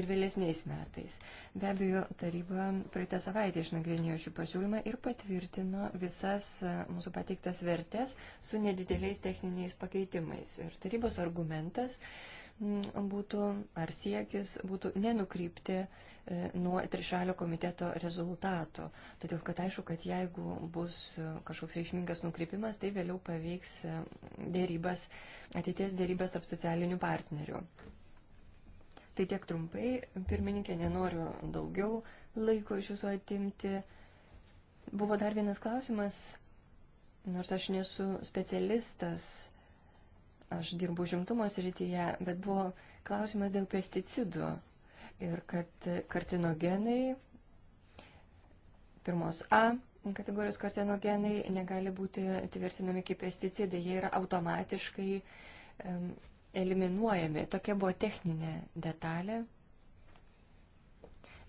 ir vėlesniais metais. Be abejo, taryba praeitą savaitę išnagrinėjo šį pasiūlymą ir patvirtino visas e, mūsų pateiktas vertės su nedideliais techniniais pakeitimais. Ir tarybos argumentas. Uh, būtų, ar siekis būtų nenukrypti e, nuo trišalio komiteto rezultato. Todėl, kad aišku, kad jeigu bus e, kažkoks reikšmingas nukrypimas, tai vėliau paveiks e, dėrybas, ateities dėrybas tarp socialinių partnerių. Tai tiek trumpai, pirmininkė, nenoriu daugiau laiko iš jūsų atimti. Buvo dar vienas klausimas, nors aš nesu specialistas Aš dirbu žimtumo srityje, bet buvo klausimas dėl pesticidų ir kad karcinogenai, pirmos A kategorijos karcinogenai negali būti tvirtinami kaip pesticidai, jie yra automatiškai um, eliminuojami. Tokia buvo techninė detalė.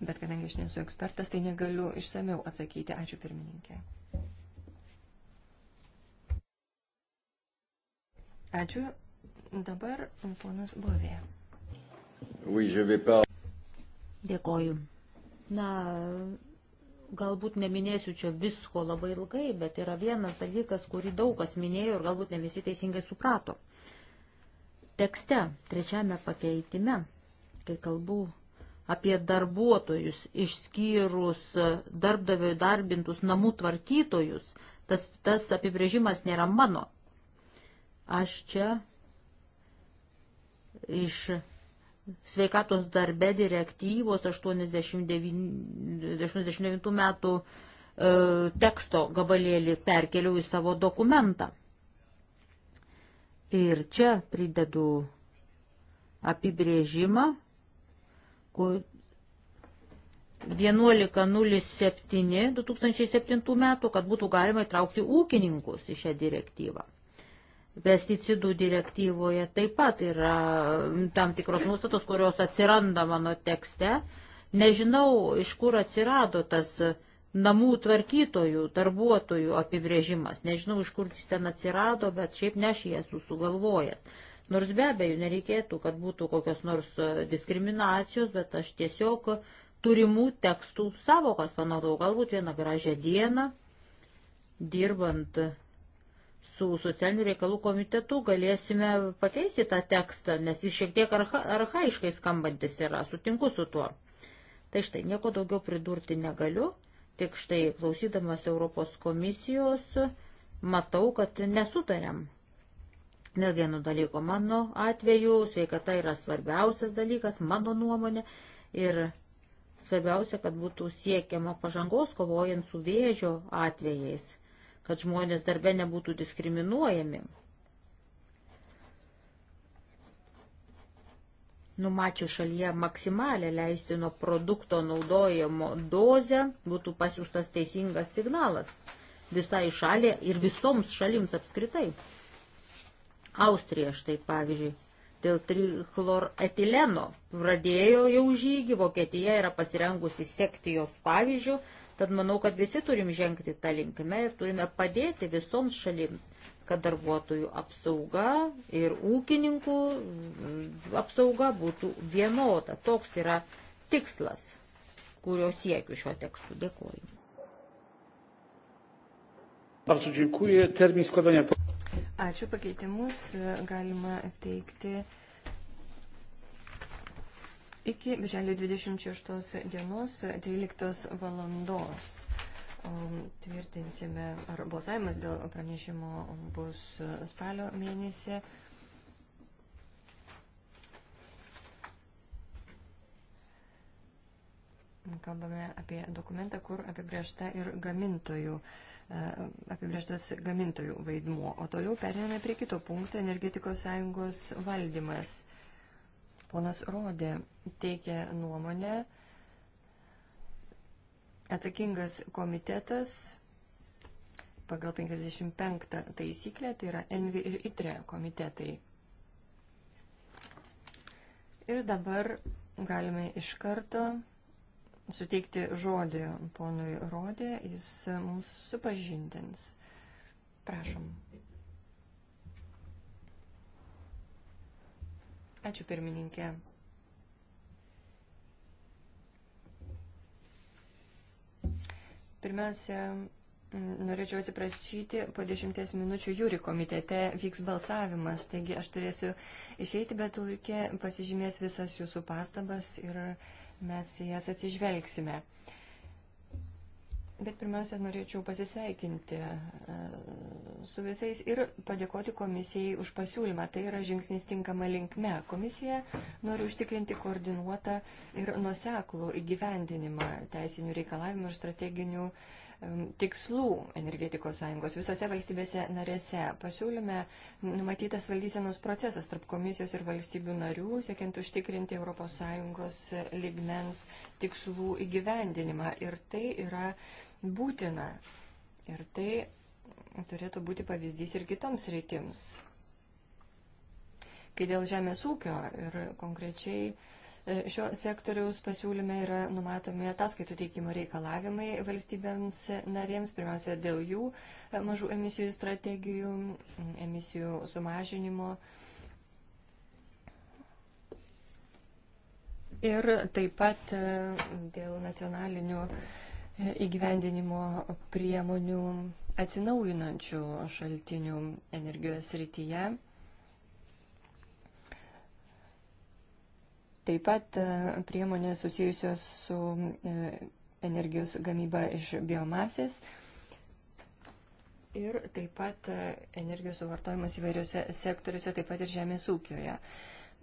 Bet kadangi aš nesu ekspertas, tai negaliu išsameu atsakyti. Ačiū pirmininkė. Ačiū. Dabar ponas Bovė. Oui, Dėkoju. Na, galbūt neminėsiu čia visko labai ilgai, bet yra vienas dalykas, kurį daug kas minėjo ir galbūt ne visi teisingai suprato. Tekste, trečiame pakeitime, kai kalbu apie darbuotojus, išskyrus darbdavio įdarbintus namų tvarkytojus, tas, tas apibrėžimas nėra mano. Aš čia iš sveikatos darbe direktyvos 89, 89 metų e, teksto gabalėlį perkeliau į savo dokumentą. Ir čia pridedu apibrėžimą, kur 1107 2007 metų, kad būtų galima įtraukti ūkininkus į šią direktyvą pesticidų direktyvoje taip pat yra tam tikros nuostatos, kurios atsiranda mano tekste. Nežinau, iš kur atsirado tas namų tvarkytojų, darbuotojų apibrėžimas. Nežinau, iš kur jis ten atsirado, bet šiaip ne aš jį esu sugalvojęs. Nors be abejo, nereikėtų, kad būtų kokios nors e, diskriminacijos, bet aš tiesiog turimų tekstų savokas panaudau. Galbūt vieną gražią dieną, dirbant su socialinių reikalų komitetu galėsime pakeisti tą tekstą, nes jis šiek tiek arha, arhaiškai skambantis yra, sutinku su tuo. Tai štai nieko daugiau pridurti negaliu, tik štai klausydamas Europos komisijos matau, kad nesutariam. Dėl vieno dalyko mano atveju sveikata yra svarbiausias dalykas, mano nuomonė, ir svarbiausia, kad būtų siekiama pažangos kovojant su vėžio atvejais kad žmonės darbe nebūtų diskriminuojami. Numačiu šalyje maksimalę leistino produkto naudojimo dozę, būtų pasiūstas teisingas signalas visai šaliai ir visoms šalims apskritai. Austrija štai pavyzdžiui dėl trichloroetileno pradėjo jau žygį, Vokietija yra pasirengusi sekti jos pavyzdžių, Tad manau, kad visi turim žengti tą linkmę ir turime padėti visoms šalims, kad darbuotojų apsauga ir ūkininkų mm, apsauga būtų vienoda. Toks yra tikslas, kurio siekiu šio tekstu. Dėkuoju. Ačiū, pakeitimus galima teikti iki birželio 26 dienos 12 valandos. Tvirtinsime, ar balsavimas dėl pranešimo bus spalio mėnesį. Kalbame apie dokumentą, kur apibriešta ir gamintojų e, apibrieštas gamintojų vaidmuo. O toliau perėmėme prie kito punkto - energetikos sąjungos valdymas. Ponas Rodė teikia nuomonę. Atsakingas komitetas pagal 55 taisyklę, tai yra Envi ir ITRE komitetai. Ir dabar galime iš karto suteikti žodį ponui Rodė, jis mums supažindins. Prašom. Ačiū pirmininkė. Pirmiausia, norėčiau atsiprašyti, po dešimties minučių jūri komitete vyks balsavimas, taigi aš turėsiu išeiti, bet Ulrike pasižymės visas jūsų pastabas ir mes jas atsižvelgsime. Uh, Bet pirmiausia, norėčiau pasisveikinti e, su visais ir padėkoti komisijai už pasiūlymą. Tai yra žingsnis tinkama linkme. Komisija nori užtikrinti koordinuotą ir nuseklų įgyvendinimą teisinių reikalavimų ir strateginių tikslų energetikos sąjungos visose valstybėse narėse. Pasiūlyme numatytas valdysenos procesas tarp komisijos ir valstybių narių, siekiant užtikrinti ES ligmens tikslų įgyvendinimą. Ir tai yra būtina. Ir tai turėtų būti pavyzdys ir kitoms rytims. Kai dėl žemės ūkio ir konkrečiai e, šio sektoriaus pasiūlyme yra numatomi ataskaitų teikimo reikalavimai valstybėms narėms, pirmiausia, dėl jų e, mažų emisijų strategijų, emisijų sumažinimo. Ir taip pat e, dėl nacionalinių įgyvendinimo priemonių atsinaujinančių šaltinių energijos rytyje. Taip pat e, priemonės susijusios su e, energijos gamyba iš biomasės ir taip pat e, energijos suvartojimas įvairiose sektoriuose, taip pat ir žemės ūkioje.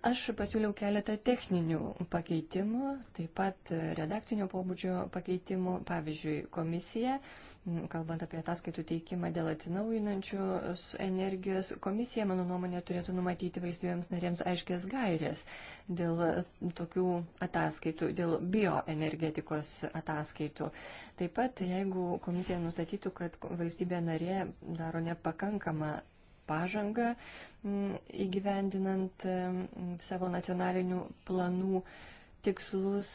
Aš pasiūliau keletą techninių pakeitimų, taip pat redakcinio pobūdžio pakeitimų. Pavyzdžiui, komisija, kalbant apie ataskaitų teikimą dėl atsinaujinančios energijos, komisija, mano nuomonė, turėtų numatyti valstybėms narėms aiškės gairės dėl tokių ataskaitų, dėl bioenergetikos ataskaitų. Taip pat, jeigu komisija nustatytų, kad valstybė narė daro nepakankamą pažangą mm, įgyvendinant mm, savo nacionalinių planų tikslus.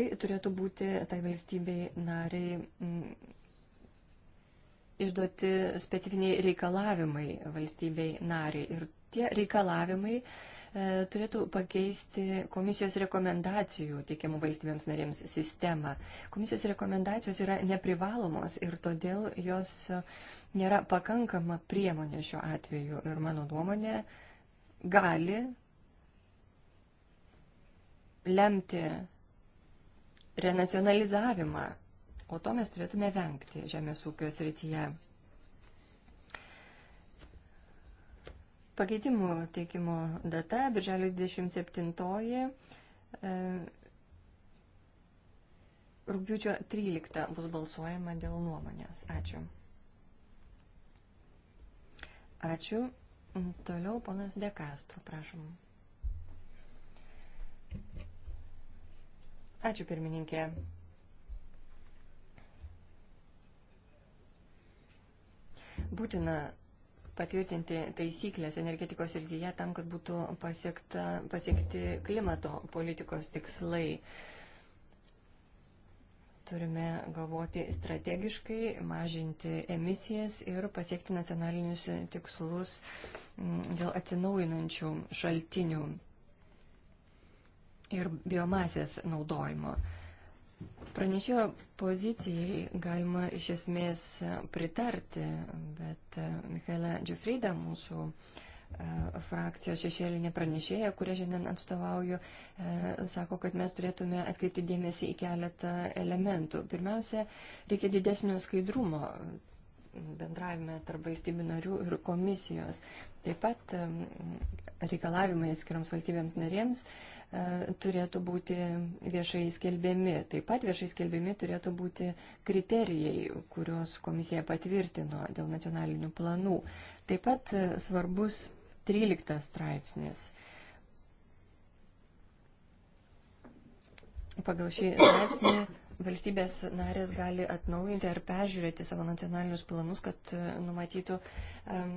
Tai turėtų būti tai valstybei nariai mm, išduoti specifiniai reikalavimai valstybei nariai ir tie reikalavimai e, turėtų pakeisti komisijos rekomendacijų teikiamų valstybėms narėms sistemą. Komisijos rekomendacijos yra neprivalomos ir todėl jos nėra pakankama priemonė šiuo atveju. Ir mano nuomonė gali lemti renacionalizavimą, o to mes turėtume vengti žemės ūkio srityje. Pakeitimų teikimo data - birželio 27. Rūpiučio 13 bus balsuojama dėl nuomonės. Ačiū. Ačiū. Toliau ponas Dekastro, prašom. Ačiū pirmininkė. Būtina patvirtinti taisyklės energetikos srityje tam, kad būtų pasiekta, pasiekti klimato politikos tikslai. Turime galvoti strategiškai, mažinti emisijas ir pasiekti nacionalinius tikslus mm, dėl atsinaujinančių šaltinių ir biomasės naudojimo. Pranešėjo pozicijai galima iš esmės pritarti, bet e, Michaela Džiufrida, mūsų e, frakcijos šešėlinė pranešėja, kurią šiandien atstovauju, e, sako, kad mes turėtume atkreipti dėmesį į keletą elementų. Pirmiausia, reikia didesnio skaidrumo bendravime tarp valstybių narių ir komisijos. Taip pat reikalavimai atskiroms valstybėms narėms E, turėtų būti viešai skelbiami. Taip pat viešai skelbiami turėtų būti kriterijai, kuriuos komisija patvirtino dėl nacionalinių planų. Taip pat e, svarbus 13 straipsnis. Pagal šį straipsnį valstybės narės gali atnaujinti ar peržiūrėti savo nacionalinius planus, kad e, numatytų um,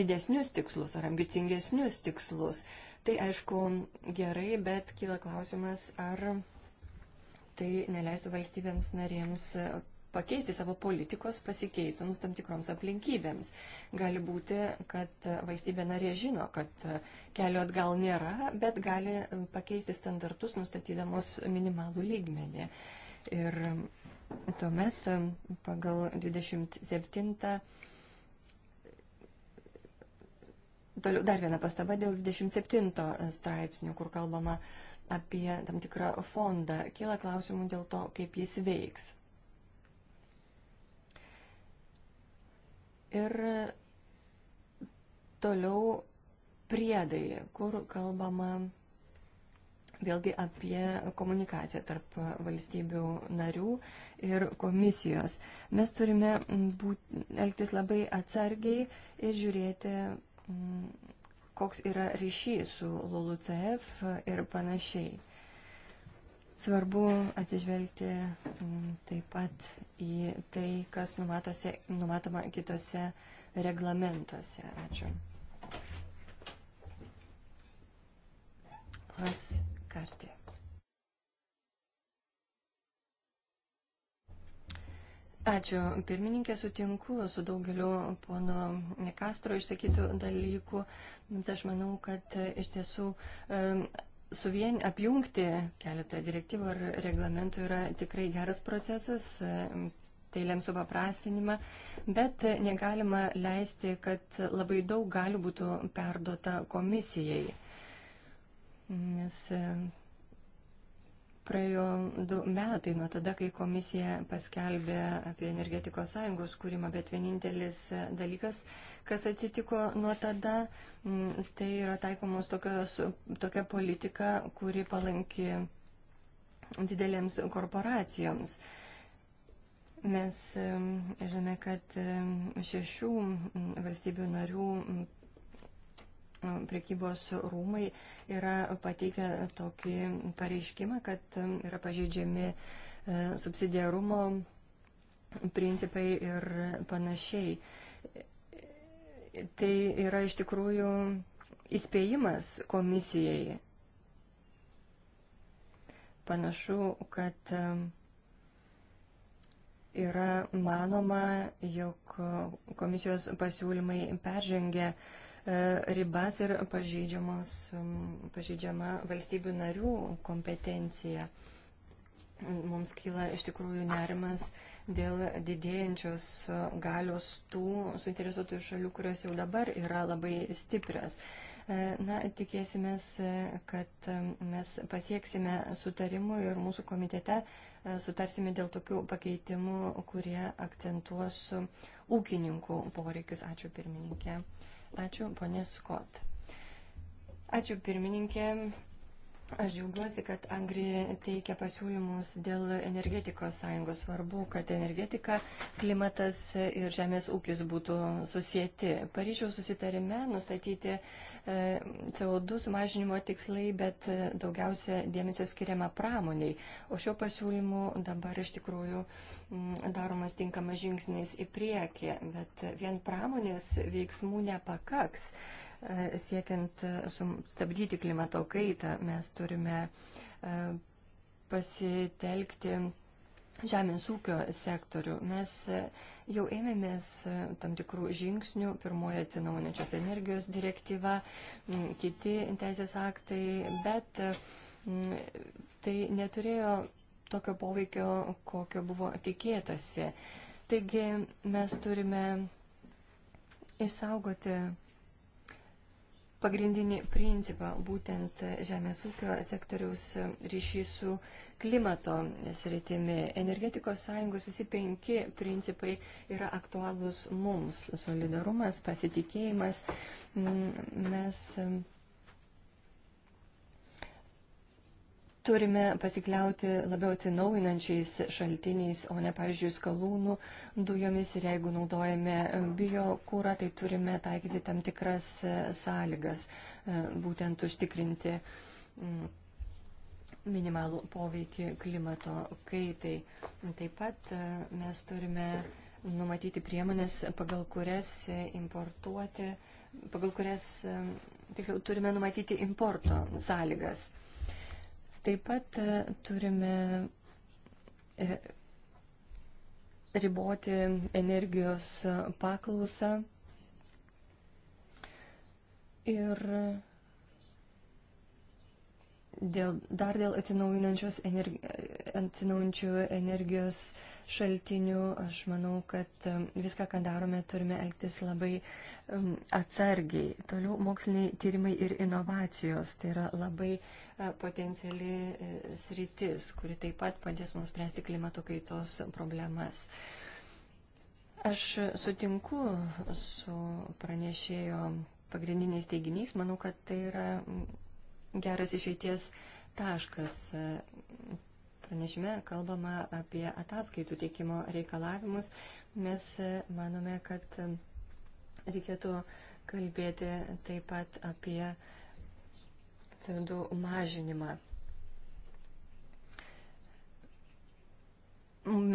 didesnius tikslus ar ambicingesnius tikslus. Uh, Tai aišku gerai, bet kyla klausimas, ar tai neleistų valstybėms narėms pakeisti savo politikos pasikeitums tam tikroms aplinkybėms. Gali būti, kad valstybė narė žino, kad kelio atgal nėra, bet gali pakeisti standartus, nustatydamos minimalų lygmenį. Ir tuomet pagal 27 Toliau dar viena pastaba dėl 27 straipsnių, kur kalbama apie tam tikrą fondą. Kyla klausimų dėl to, kaip jis veiks. Ir toliau priedai, kur kalbama vėlgi apie komunikaciją tarp valstybių narių ir komisijos. Mes turime būt, elgtis labai atsargiai ir žiūrėti, Mm, koks yra ryšys su LULUCF ir panašiai. Svarbu atsižvelgti mm, taip pat į tai, kas numatose, numatoma kitose reglamentuose. Ačiū. Las kartė. Ačiū. Pirmininkė sutinku su daugeliu pono Kastro išsakytų dalykų. Bet nu, tai aš manau, kad e, iš tiesų e, suvien, apjungti keletą direktyvų ar reglamentų yra tikrai geras procesas. E, tai lems supaprastinimą, bet negalima leisti, kad labai daug galių būtų perdota komisijai. Nes Praėjo du metai nuo tada, kai komisija paskelbė apie energetikos sąjungos kūrimą, bet vienintelis dalykas, kas atsitiko nuo tada, tai yra taikomos tokios, tokia politika, kuri palanki didelėms korporacijoms. Mes žinome, kad šešių valstybių narių priekybos rūmai yra pateikę tokį pareiškimą, kad yra pažeidžiami subsidiarumo principai ir panašiai. Tai yra iš tikrųjų įspėjimas komisijai. Panašu, kad yra manoma, jog komisijos pasiūlymai peržengia uh, E, ribas ir pažeidžiama valstybių narių kompetencija. Mums kyla iš tikrųjų nerimas dėl didėjančios galios tų suinteresuotų šalių, kurios jau dabar yra labai stiprios. E, na, tikėsimės, kad mes pasieksime sutarimų ir mūsų komitete e, sutarsime dėl tokių pakeitimų, kurie akcentuos ūkininkų poreikius. Ačiū pirmininkė. Ačiū, ponė Skot. Ačiū pirmininkė, Aš džiaugiuosi, kad Angrija teikia pasiūlymus dėl energetikos sąjungos. Svarbu, kad energetika, klimatas ir žemės ūkis būtų susijęti. Paryžiaus susitarime nustatyti e, CO2 sumažinimo tikslai, bet daugiausia dėmesio skiriama pramoniai. O šio pasiūlymu dabar iš tikrųjų mm, daromas tinkamas žingsnis į priekį, bet vien pramonės veiksmų nepakaks. E, siekiant e, stabdyti klimato kaitą, mes turime e, pasitelkti žemės ūkio sektorių. Mes jau ėmėmės tam tikrų žingsnių, pirmoji atsinaujinančios energijos direktyva, kiti teisės aktai, bet tai neturėjo tokio poveikio, kokio buvo tikėtasi. Taigi mes turime išsaugoti pagrindinį principą, būtent žemės ūkio sektoriaus ryšį su klimato sritimi. Energetikos sąjungos visi penki principai yra aktualūs mums - solidarumas, pasitikėjimas. Mm, mes Turime pasikliauti labiau atsinaujinančiais šaltiniais, o ne, pavyzdžiui, skalūnų dujomis. Ir jeigu naudojame biokūrą, tai turime taikyti tam tikras e, sąlygas, e, būtent užtikrinti minimalų poveikį klimato kaitai. Taip pat e, mes turime numatyti priemonės, pagal kurias importuoti, pagal kurias, tiksliau, turime numatyti importo sąlygas. Taip pat e, turime e, riboti energijos paklausą ir dėl, dar dėl atsinaujinančios energi, atsinaujinčių energijos šaltinių, aš manau, kad e, viską, ką darome, turime elgtis labai Um, atsargiai. Toliau moksliniai tyrimai ir inovacijos. Tai yra labai e, potenciali e, sritis, kuri taip pat padės mums spręsti klimato kaitos problemas. Aš sutinku su pranešėjo pagrindiniais teiginiais. Manau, kad tai yra geras išeities taškas. Pranešime kalbama apie ataskaitų teikimo reikalavimus. Mes e, manome, kad Reikėtų kalbėti taip pat apie CO2 mažinimą.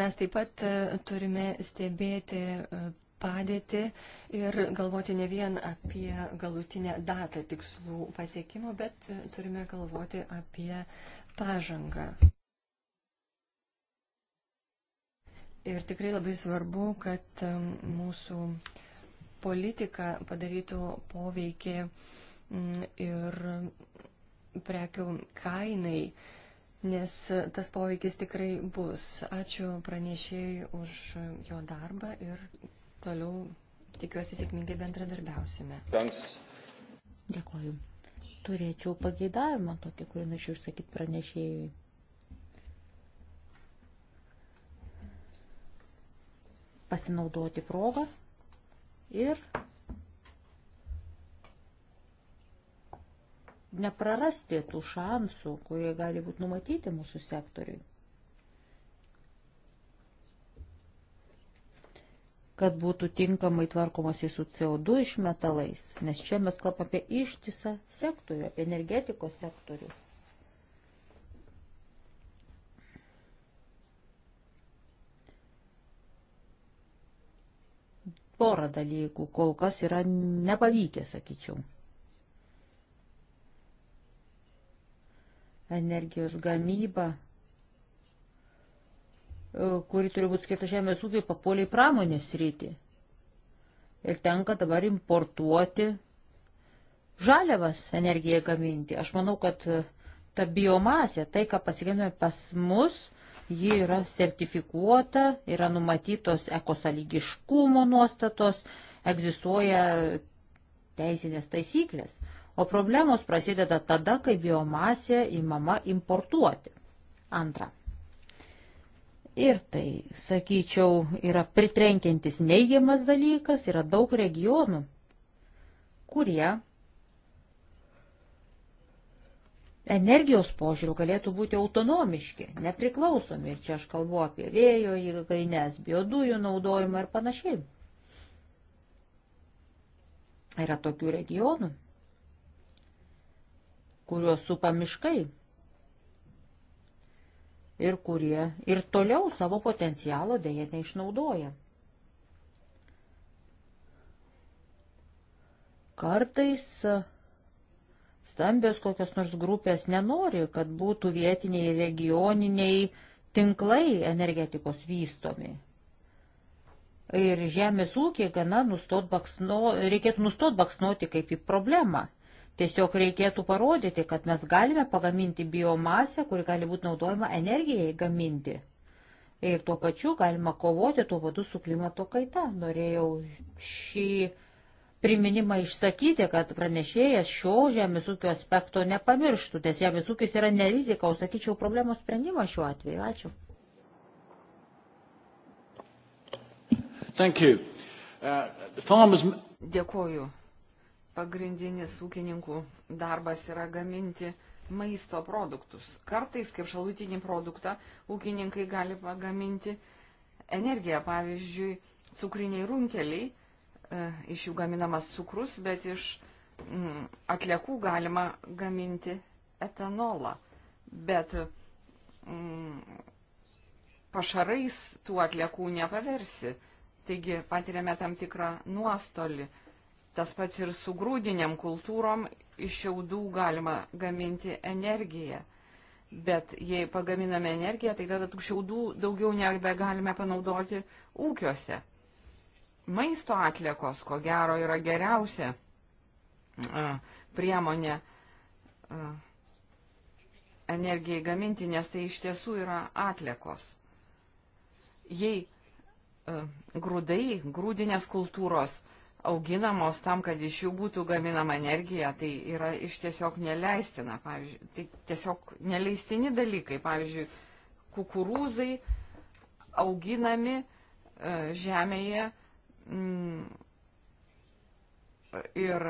Mes taip pat e, turime stebėti e, padėtį ir galvoti ne vien apie galutinę datą tikslų pasiekimo, bet e, turime galvoti apie pažangą. Ir tikrai labai svarbu, kad mūsų uh, politika padarytų poveikį mm, ir prekių kainai, nes tas poveikis tikrai bus. Ačiū pranešėjai už jo darbą ir toliau tikiuosi sėkmingai bendradarbiausime. Thanks. Dėkuoju. Turėčiau pageidavimą tokį, kurį norėčiau išsakyti pranešėjui. Pasinaudoti progą ir neprarasti tų šansų, kurie gali būti numatyti mūsų sektoriui. kad būtų tinkamai tvarkomasi su CO2 išmetalais, nes čia mes kalbame apie ištisą sektorių, apie energetikos sektorių. porą dalykų kol kas yra nepavykę, sakyčiau. Energijos gamyba, e, kuri turi būti skirta žemės ūkiai, papuoliai pramonės rytį. Ir tenka dabar importuoti žaliavas energijai gaminti. Aš manau, kad ta biomasė, tai, ką pasigamėme pas mus, Ji yra sertifikuota, yra numatytos ekosaligiškumo nuostatos, egzistuoja teisinės taisyklės. O problemos prasideda tada, kai biomasė įmama importuoti. Antra. Ir tai, sakyčiau, yra pritrenkiantis neigiamas dalykas, yra daug regionų, kurie energijos požiūrių galėtų būti autonomiški, nepriklausomi. Ir čia aš kalbu apie vėjo jėgaines, biodujų naudojimą ir panašiai. Yra tokių regionų, kuriuos supa miškai ir kurie ir toliau savo potencialo dėja neišnaudoja. Kartais uh, stambios kokios nors grupės nenori, kad būtų vietiniai regioniniai tinklai energetikos vystomi. Ir žemės ūkiai gana nustot baksno, reikėtų nustot baksnoti kaip į problemą. Tiesiog reikėtų parodyti, kad mes galime pagaminti biomasę, kuri gali būti naudojama energijai gaminti. Ir tuo pačiu galima kovoti tuo vadu su klimato kaita. Norėjau šį priminimą išsakyti, kad pranešėjas šio žemės ūkio aspekto nepamirštų, nes žemės ūkis yra ne rizika, o sakyčiau, problemos sprendimas šiuo atveju. Ačiū. Uh, farmers... Dėkuoju. Pagrindinis ūkininkų darbas yra gaminti maisto produktus. Kartais, kaip šalutinį produktą, ūkininkai gali pagaminti energiją, pavyzdžiui, cukriniai runkeliai E, iš jų gaminamas cukrus, bet iš mm, atliekų galima gaminti etanolą. Bet mm, pašarais tų atliekų nepaversi. Taigi patiriame tam tikrą nuostolį. Tas pats ir su grūdiniam kultūrom iš jaudų galima gaminti energiją. Bet jei pagaminame energiją, tai tada tų šiaudų daugiau nebegalime panaudoti ūkiuose maisto atliekos, ko gero, yra geriausia priemonė energijai gaminti, nes tai iš tiesų yra atliekos. Jei grūdai, grūdinės kultūros auginamos tam, kad iš jų būtų gaminama energija, tai yra iš tiesiog neleistina, pavyzdžiui, tai tiesiog neleistini dalykai, pavyzdžiui, kukurūzai auginami žemėje, Mm. ir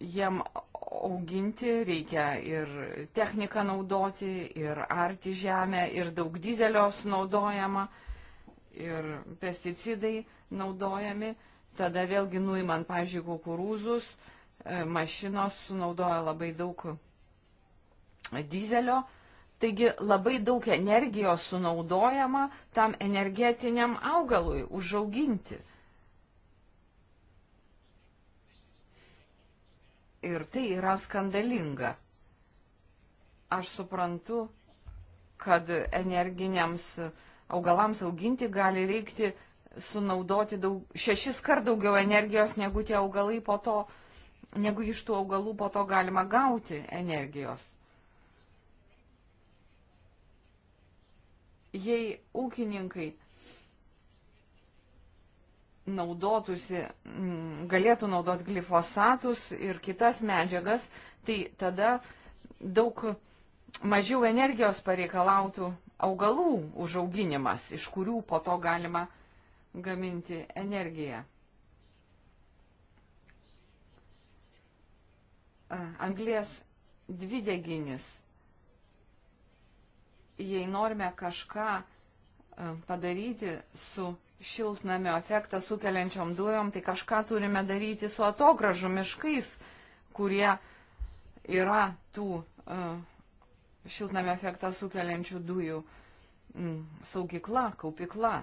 jiem auginti reikia ir techniką naudoti, ir arti žemę, ir daug dizelio sunaudojama, ir pesticidai naudojami. Tada vėlgi nuimant, pavyzdžiui, kukurūzus, e, mašinos sunaudoja labai daug dizelio. Taigi labai daug energijos sunaudojama tam energetiniam augalui užauginti. Ir tai yra skandalinga. Aš suprantu, kad energiniams augalams auginti gali reikti sunaudoti daug, šešis kart daugiau energijos, negu tie augalai po to, negu iš tų augalų po to galima gauti energijos. Jei ūkininkai naudotųsi, mm, galėtų naudoti glifosatus ir kitas medžiagas, tai tada daug mažiau energijos pareikalautų augalų užauginimas, iš kurių po to galima gaminti energiją. Anglės dvideginis. Jei norime kažką padaryti su šiltnamio efektą sukeliančiom dujom, tai kažką turime daryti su atogražu miškais, kurie yra tų e, šiltnamio efektą sukeliančių dujų saugykla, kaupikla.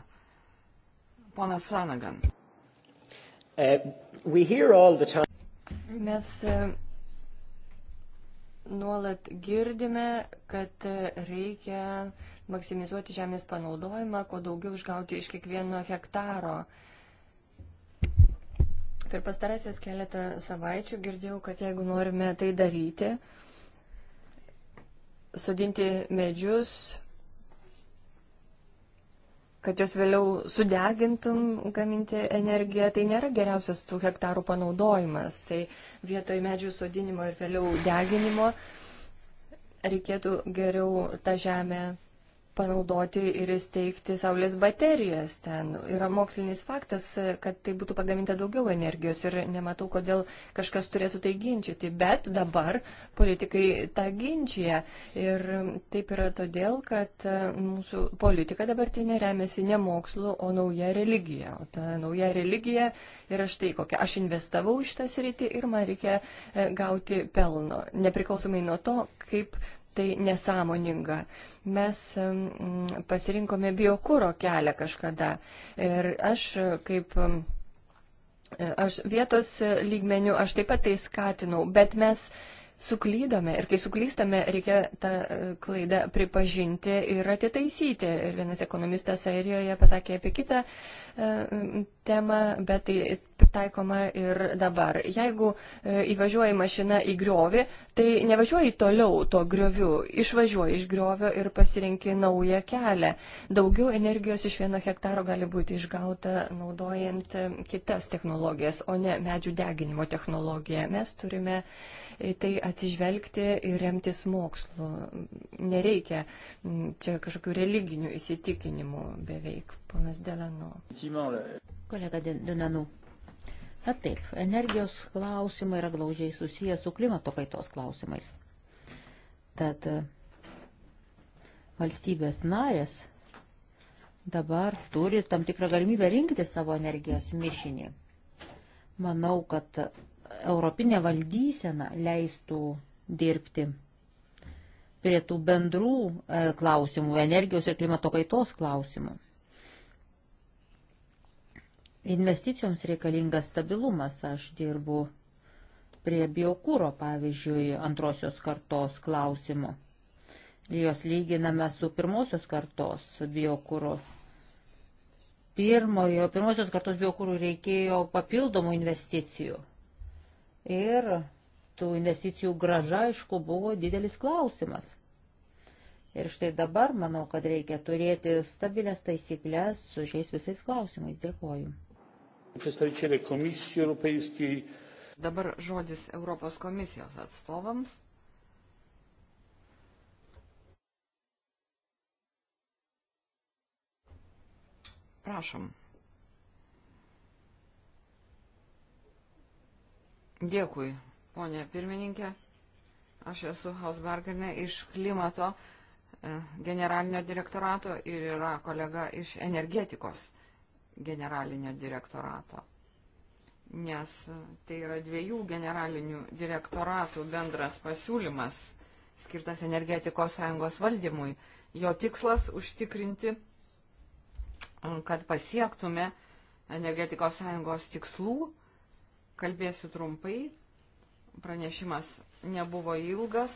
Ponas Flanagan. Uh, Mes nuolat girdime, kad reikia maksimizuoti žemės panaudojimą, kuo daugiau išgauti iš kiekvieno hektaro. Per pastarąsias keletą savaičių girdėjau, kad jeigu norime tai daryti, sudinti medžius, kad jos vėliau sudegintum gaminti energiją, tai nėra geriausias tų hektarų panaudojimas. Tai vietoj medžių sodinimo ir vėliau deginimo reikėtų geriau tą žemę panaudoti ir įsteigti saulės baterijas ten. Yra mokslinis faktas, kad tai būtų pagaminta daugiau energijos ir nematau, kodėl kažkas turėtų tai ginčyti. Bet dabar politikai tą ginčia. Ir taip yra todėl, kad e, mūsų politika dabartinė remiasi ne mokslu, o nauja religija. O ta nauja religija yra štai kokia. Aš investavau šitą sritį ir man reikia e, gauti pelno, nepriklausomai nuo to, kaip tai nesąmoninga. Mes pasirinkome biokūro kelią kažkada. Ir aš kaip aš vietos lygmenių, aš taip pat tai skatinau, bet mes suklydome ir kai suklystame, reikia tą e, klaidą pripažinti ir atitaisyti. Ir vienas ekonomistas Airijoje pasakė apie kitą e, temą, bet tai taikoma ir dabar. Jeigu e, įvažiuoji mašina į griovį, tai nevažiuoji toliau to grioviu, išvažiuoji iš griovio ir pasirinki naują kelią. Daugiau energijos iš vieno hektaro gali būti išgauta naudojant e, kitas technologijas, o ne medžių deginimo technologiją. Mes turime e, tai atsižvelgti ir remtis mokslu. Nereikia čia kažkokių religinių įsitikinimų beveik, ponas Delano. Kolega Denanu. Na taip, energijos klausimai yra glaudžiai susiję su klimato kaitos klausimais. Tad e, valstybės narės dabar turi tam tikrą galimybę rinkti savo energijos mišinį. Manau, kad europinė valdysena leistų dirbti prie tų bendrų e, klausimų, energijos ir klimato kaitos klausimų. Investicijoms reikalingas stabilumas. Aš dirbu prie biokūro, pavyzdžiui, antrosios kartos klausimų. Jos lyginame su pirmosios kartos biokūro. Pirmojo, pirmosios kartos biokūrų reikėjo papildomų investicijų. Ir tų investicijų graža, aišku, buvo didelis klausimas. Ir štai dabar manau, kad reikia turėti stabilės taisyklės su šiais visais klausimais. Dėkuoju. Dabar žodis Europos komisijos atstovams. Prašom. Dėkui, ponė pirmininkė. Aš esu Hausbergerne iš klimato e, generalinio direktorato ir yra kolega iš energetikos generalinio direktorato. Nes tai yra dviejų generalinių direktoratų bendras pasiūlymas skirtas energetikos sąjungos valdymui. Jo tikslas užtikrinti, kad pasiektume energetikos sąjungos tikslų. Kalbėsiu trumpai. Pranešimas nebuvo ilgas.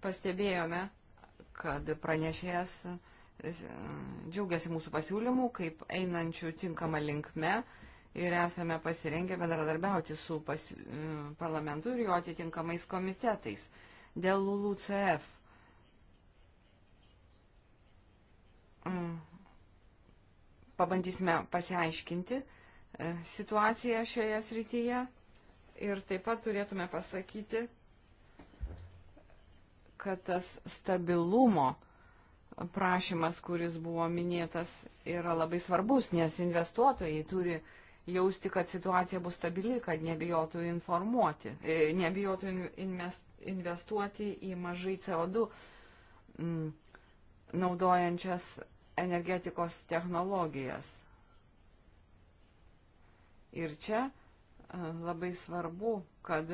Pastebėjome, kad pranešėjas džiaugiasi mūsų pasiūlymų, kaip einančių tinkamą linkme ir esame pasirengę bendradarbiauti su pasi, parlamentu ir jo atitinkamais komitetais. Dėl LULUCF. Mm, pabandysime pasiaiškinti e, situaciją šioje srityje ir taip pat turėtume pasakyti, kad tas stabilumo uh, prašymas, kuris buvo minėtas, yra labai svarbus, nes investuotojai turi jausti, kad situacija bus stabili, kad nebijotų informuoti, e, nebijotų investuoti į mažai CO2 mm, naudojančias energetikos technologijas. Ir čia e, labai svarbu, kad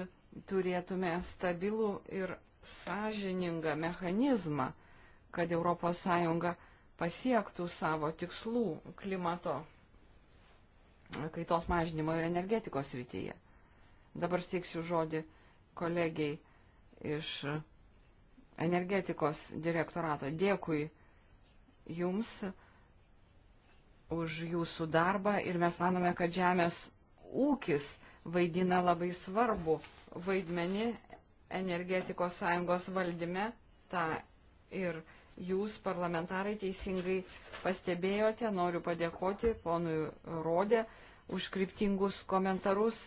turėtume stabilų ir sąžiningą mechanizmą, kad ES pasiektų savo tikslų klimato kaitos mažinimo ir energetikos rytyje. Dabar steiksiu žodį kolegiai iš energetikos direktorato. Dėkui Jums už Jūsų darbą ir mes manome, kad žemės ūkis vaidina labai svarbu vaidmenį energetikos sąjungos valdyme. Ta Ir jūs, parlamentarai, teisingai pastebėjote, noriu padėkoti ponui Rodė už kryptingus komentarus,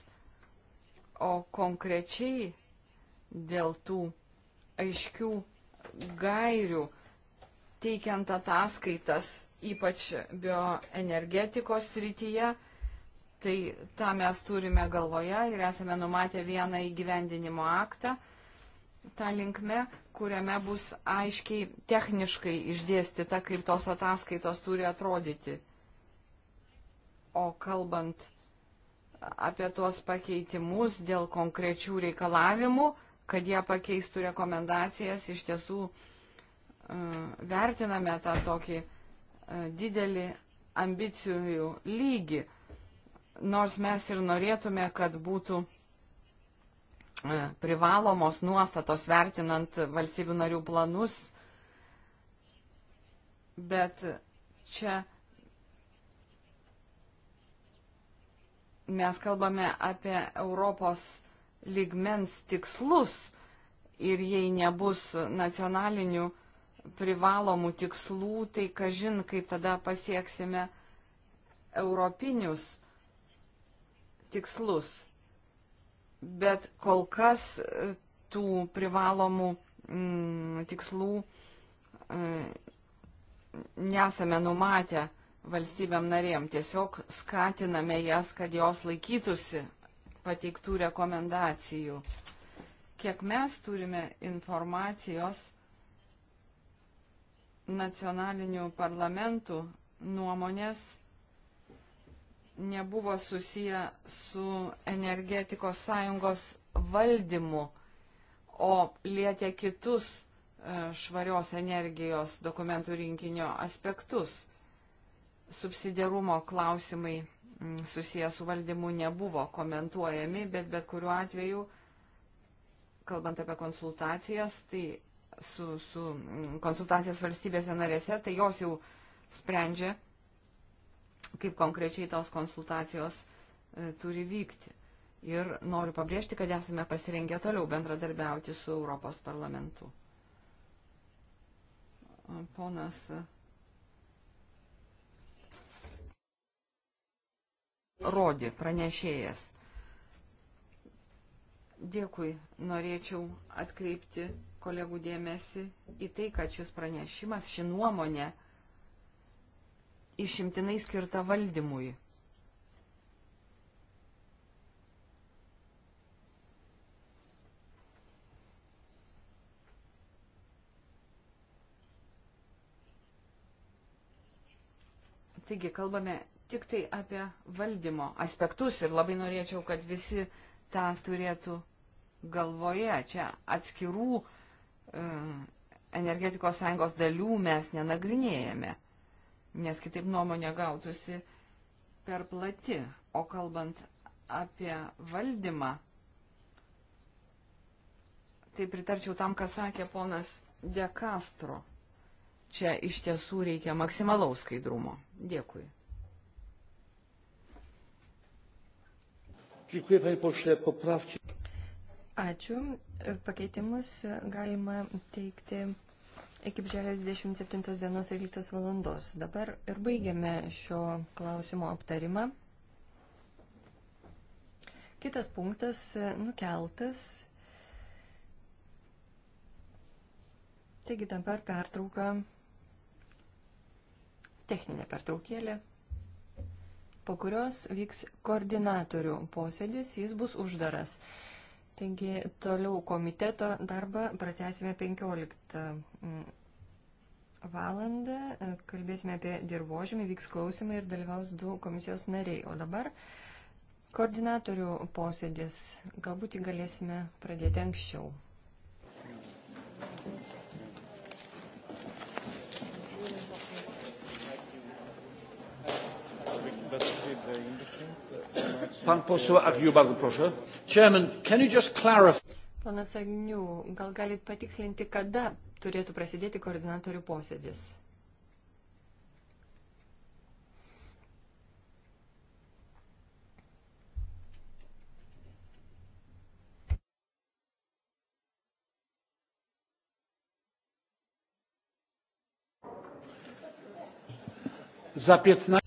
o konkrečiai dėl tų aiškių gairių teikiant ataskaitas, ypač bioenergetikos srityje. Tai tą mes turime galvoje ir esame numatę vieną įgyvendinimo aktą tą linkmę, kuriame bus aiškiai techniškai išdėstyta, kaip tos ataskaitos turi atrodyti. O kalbant apie tuos pakeitimus dėl konkrečių reikalavimų, kad jie pakeistų rekomendacijas, iš tiesų e, vertiname tą tokį e, didelį ambicijų lygį. Nors mes ir norėtume, kad būtų E, privalomos nuostatos vertinant valstybių narių planus, bet čia mes kalbame apie Europos lygmens tikslus ir jei nebus nacionalinių privalomų tikslų, tai kažin, kaip tada pasieksime europinius tikslus bet kol kas e, tų privalomų m, mm, tikslų m, e, nesame numatę valstybėm narėm. Tiesiog skatiname jas, kad jos laikytųsi pateiktų rekomendacijų. Kiek mes turime informacijos nacionalinių parlamentų nuomonės nebuvo susiję su energetikos sąjungos valdymu, o lietė kitus e, švarios energijos dokumentų rinkinio aspektus. Subsidiarumo klausimai susiję su valdymu nebuvo komentuojami, bet bet kuriuo atveju, kalbant apie konsultacijas, tai su, su konsultacijas valstybėse narėse, tai jos jau sprendžia kaip konkrečiai tos konsultacijos e, turi vykti. Ir noriu pabrėžti, kad esame pasirengę toliau bendradarbiauti su Europos parlamentu. Ponas. E, Rodi, pranešėjas. Dėkui, norėčiau atkreipti kolegų dėmesį į tai, kad šis pranešimas, ši nuomonė, uh, išimtinai skirta valdymui. Taigi kalbame tik tai apie valdymo aspektus ir labai norėčiau, kad visi tą turėtų galvoje. Čia atskirų e, energetikos sąjungos dalių mes nenagrinėjame nes kitaip nuomonė gautųsi per plati. O kalbant apie valdymą, tai pritarčiau tam, ką sakė ponas De Castro. Čia iš tiesų reikia maksimalaus skaidrumo. Dėkui. Ačiū. Pakeitimus galima teikti iki birželio 27 dienos 11 valandos. Dabar ir baigiame šio klausimo aptarimą. Kitas punktas nukeltas. Taigi dabar pertrauka, techninė pertraukėlė, po kurios vyks koordinatorių posėdis, jis bus uždaras. Taigi toliau komiteto darbą pratęsime 15 mm, valandą, kalbėsime apie dirbožymį, vyks klausimai ir dalyvaus du komisijos nariai. O dabar koordinatorių posėdis, galbūt jį galėsime pradėti anksčiau. Pan poseł Agniu, bardzo proszę. Chairman, can you just clarify? Panas Agniu, gal galit patikslinti, kada turėtų prasidėti koordinatorių posėdis? za piętnaście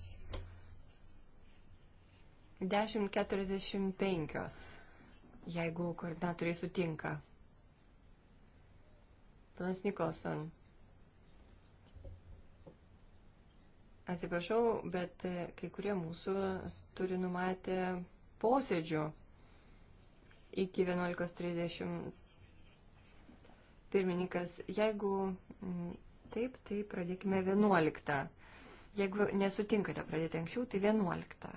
10.45, jeigu koordinatoriai sutinka. Panas Nikolson. Atsiprašau, bet e, kai kurie mūsų turi numatę posėdžių iki 11.30. Pirmininkas, jeigu taip, tai pradėkime 11. Jeigu nesutinkate pradėti anksčiau, tai 11.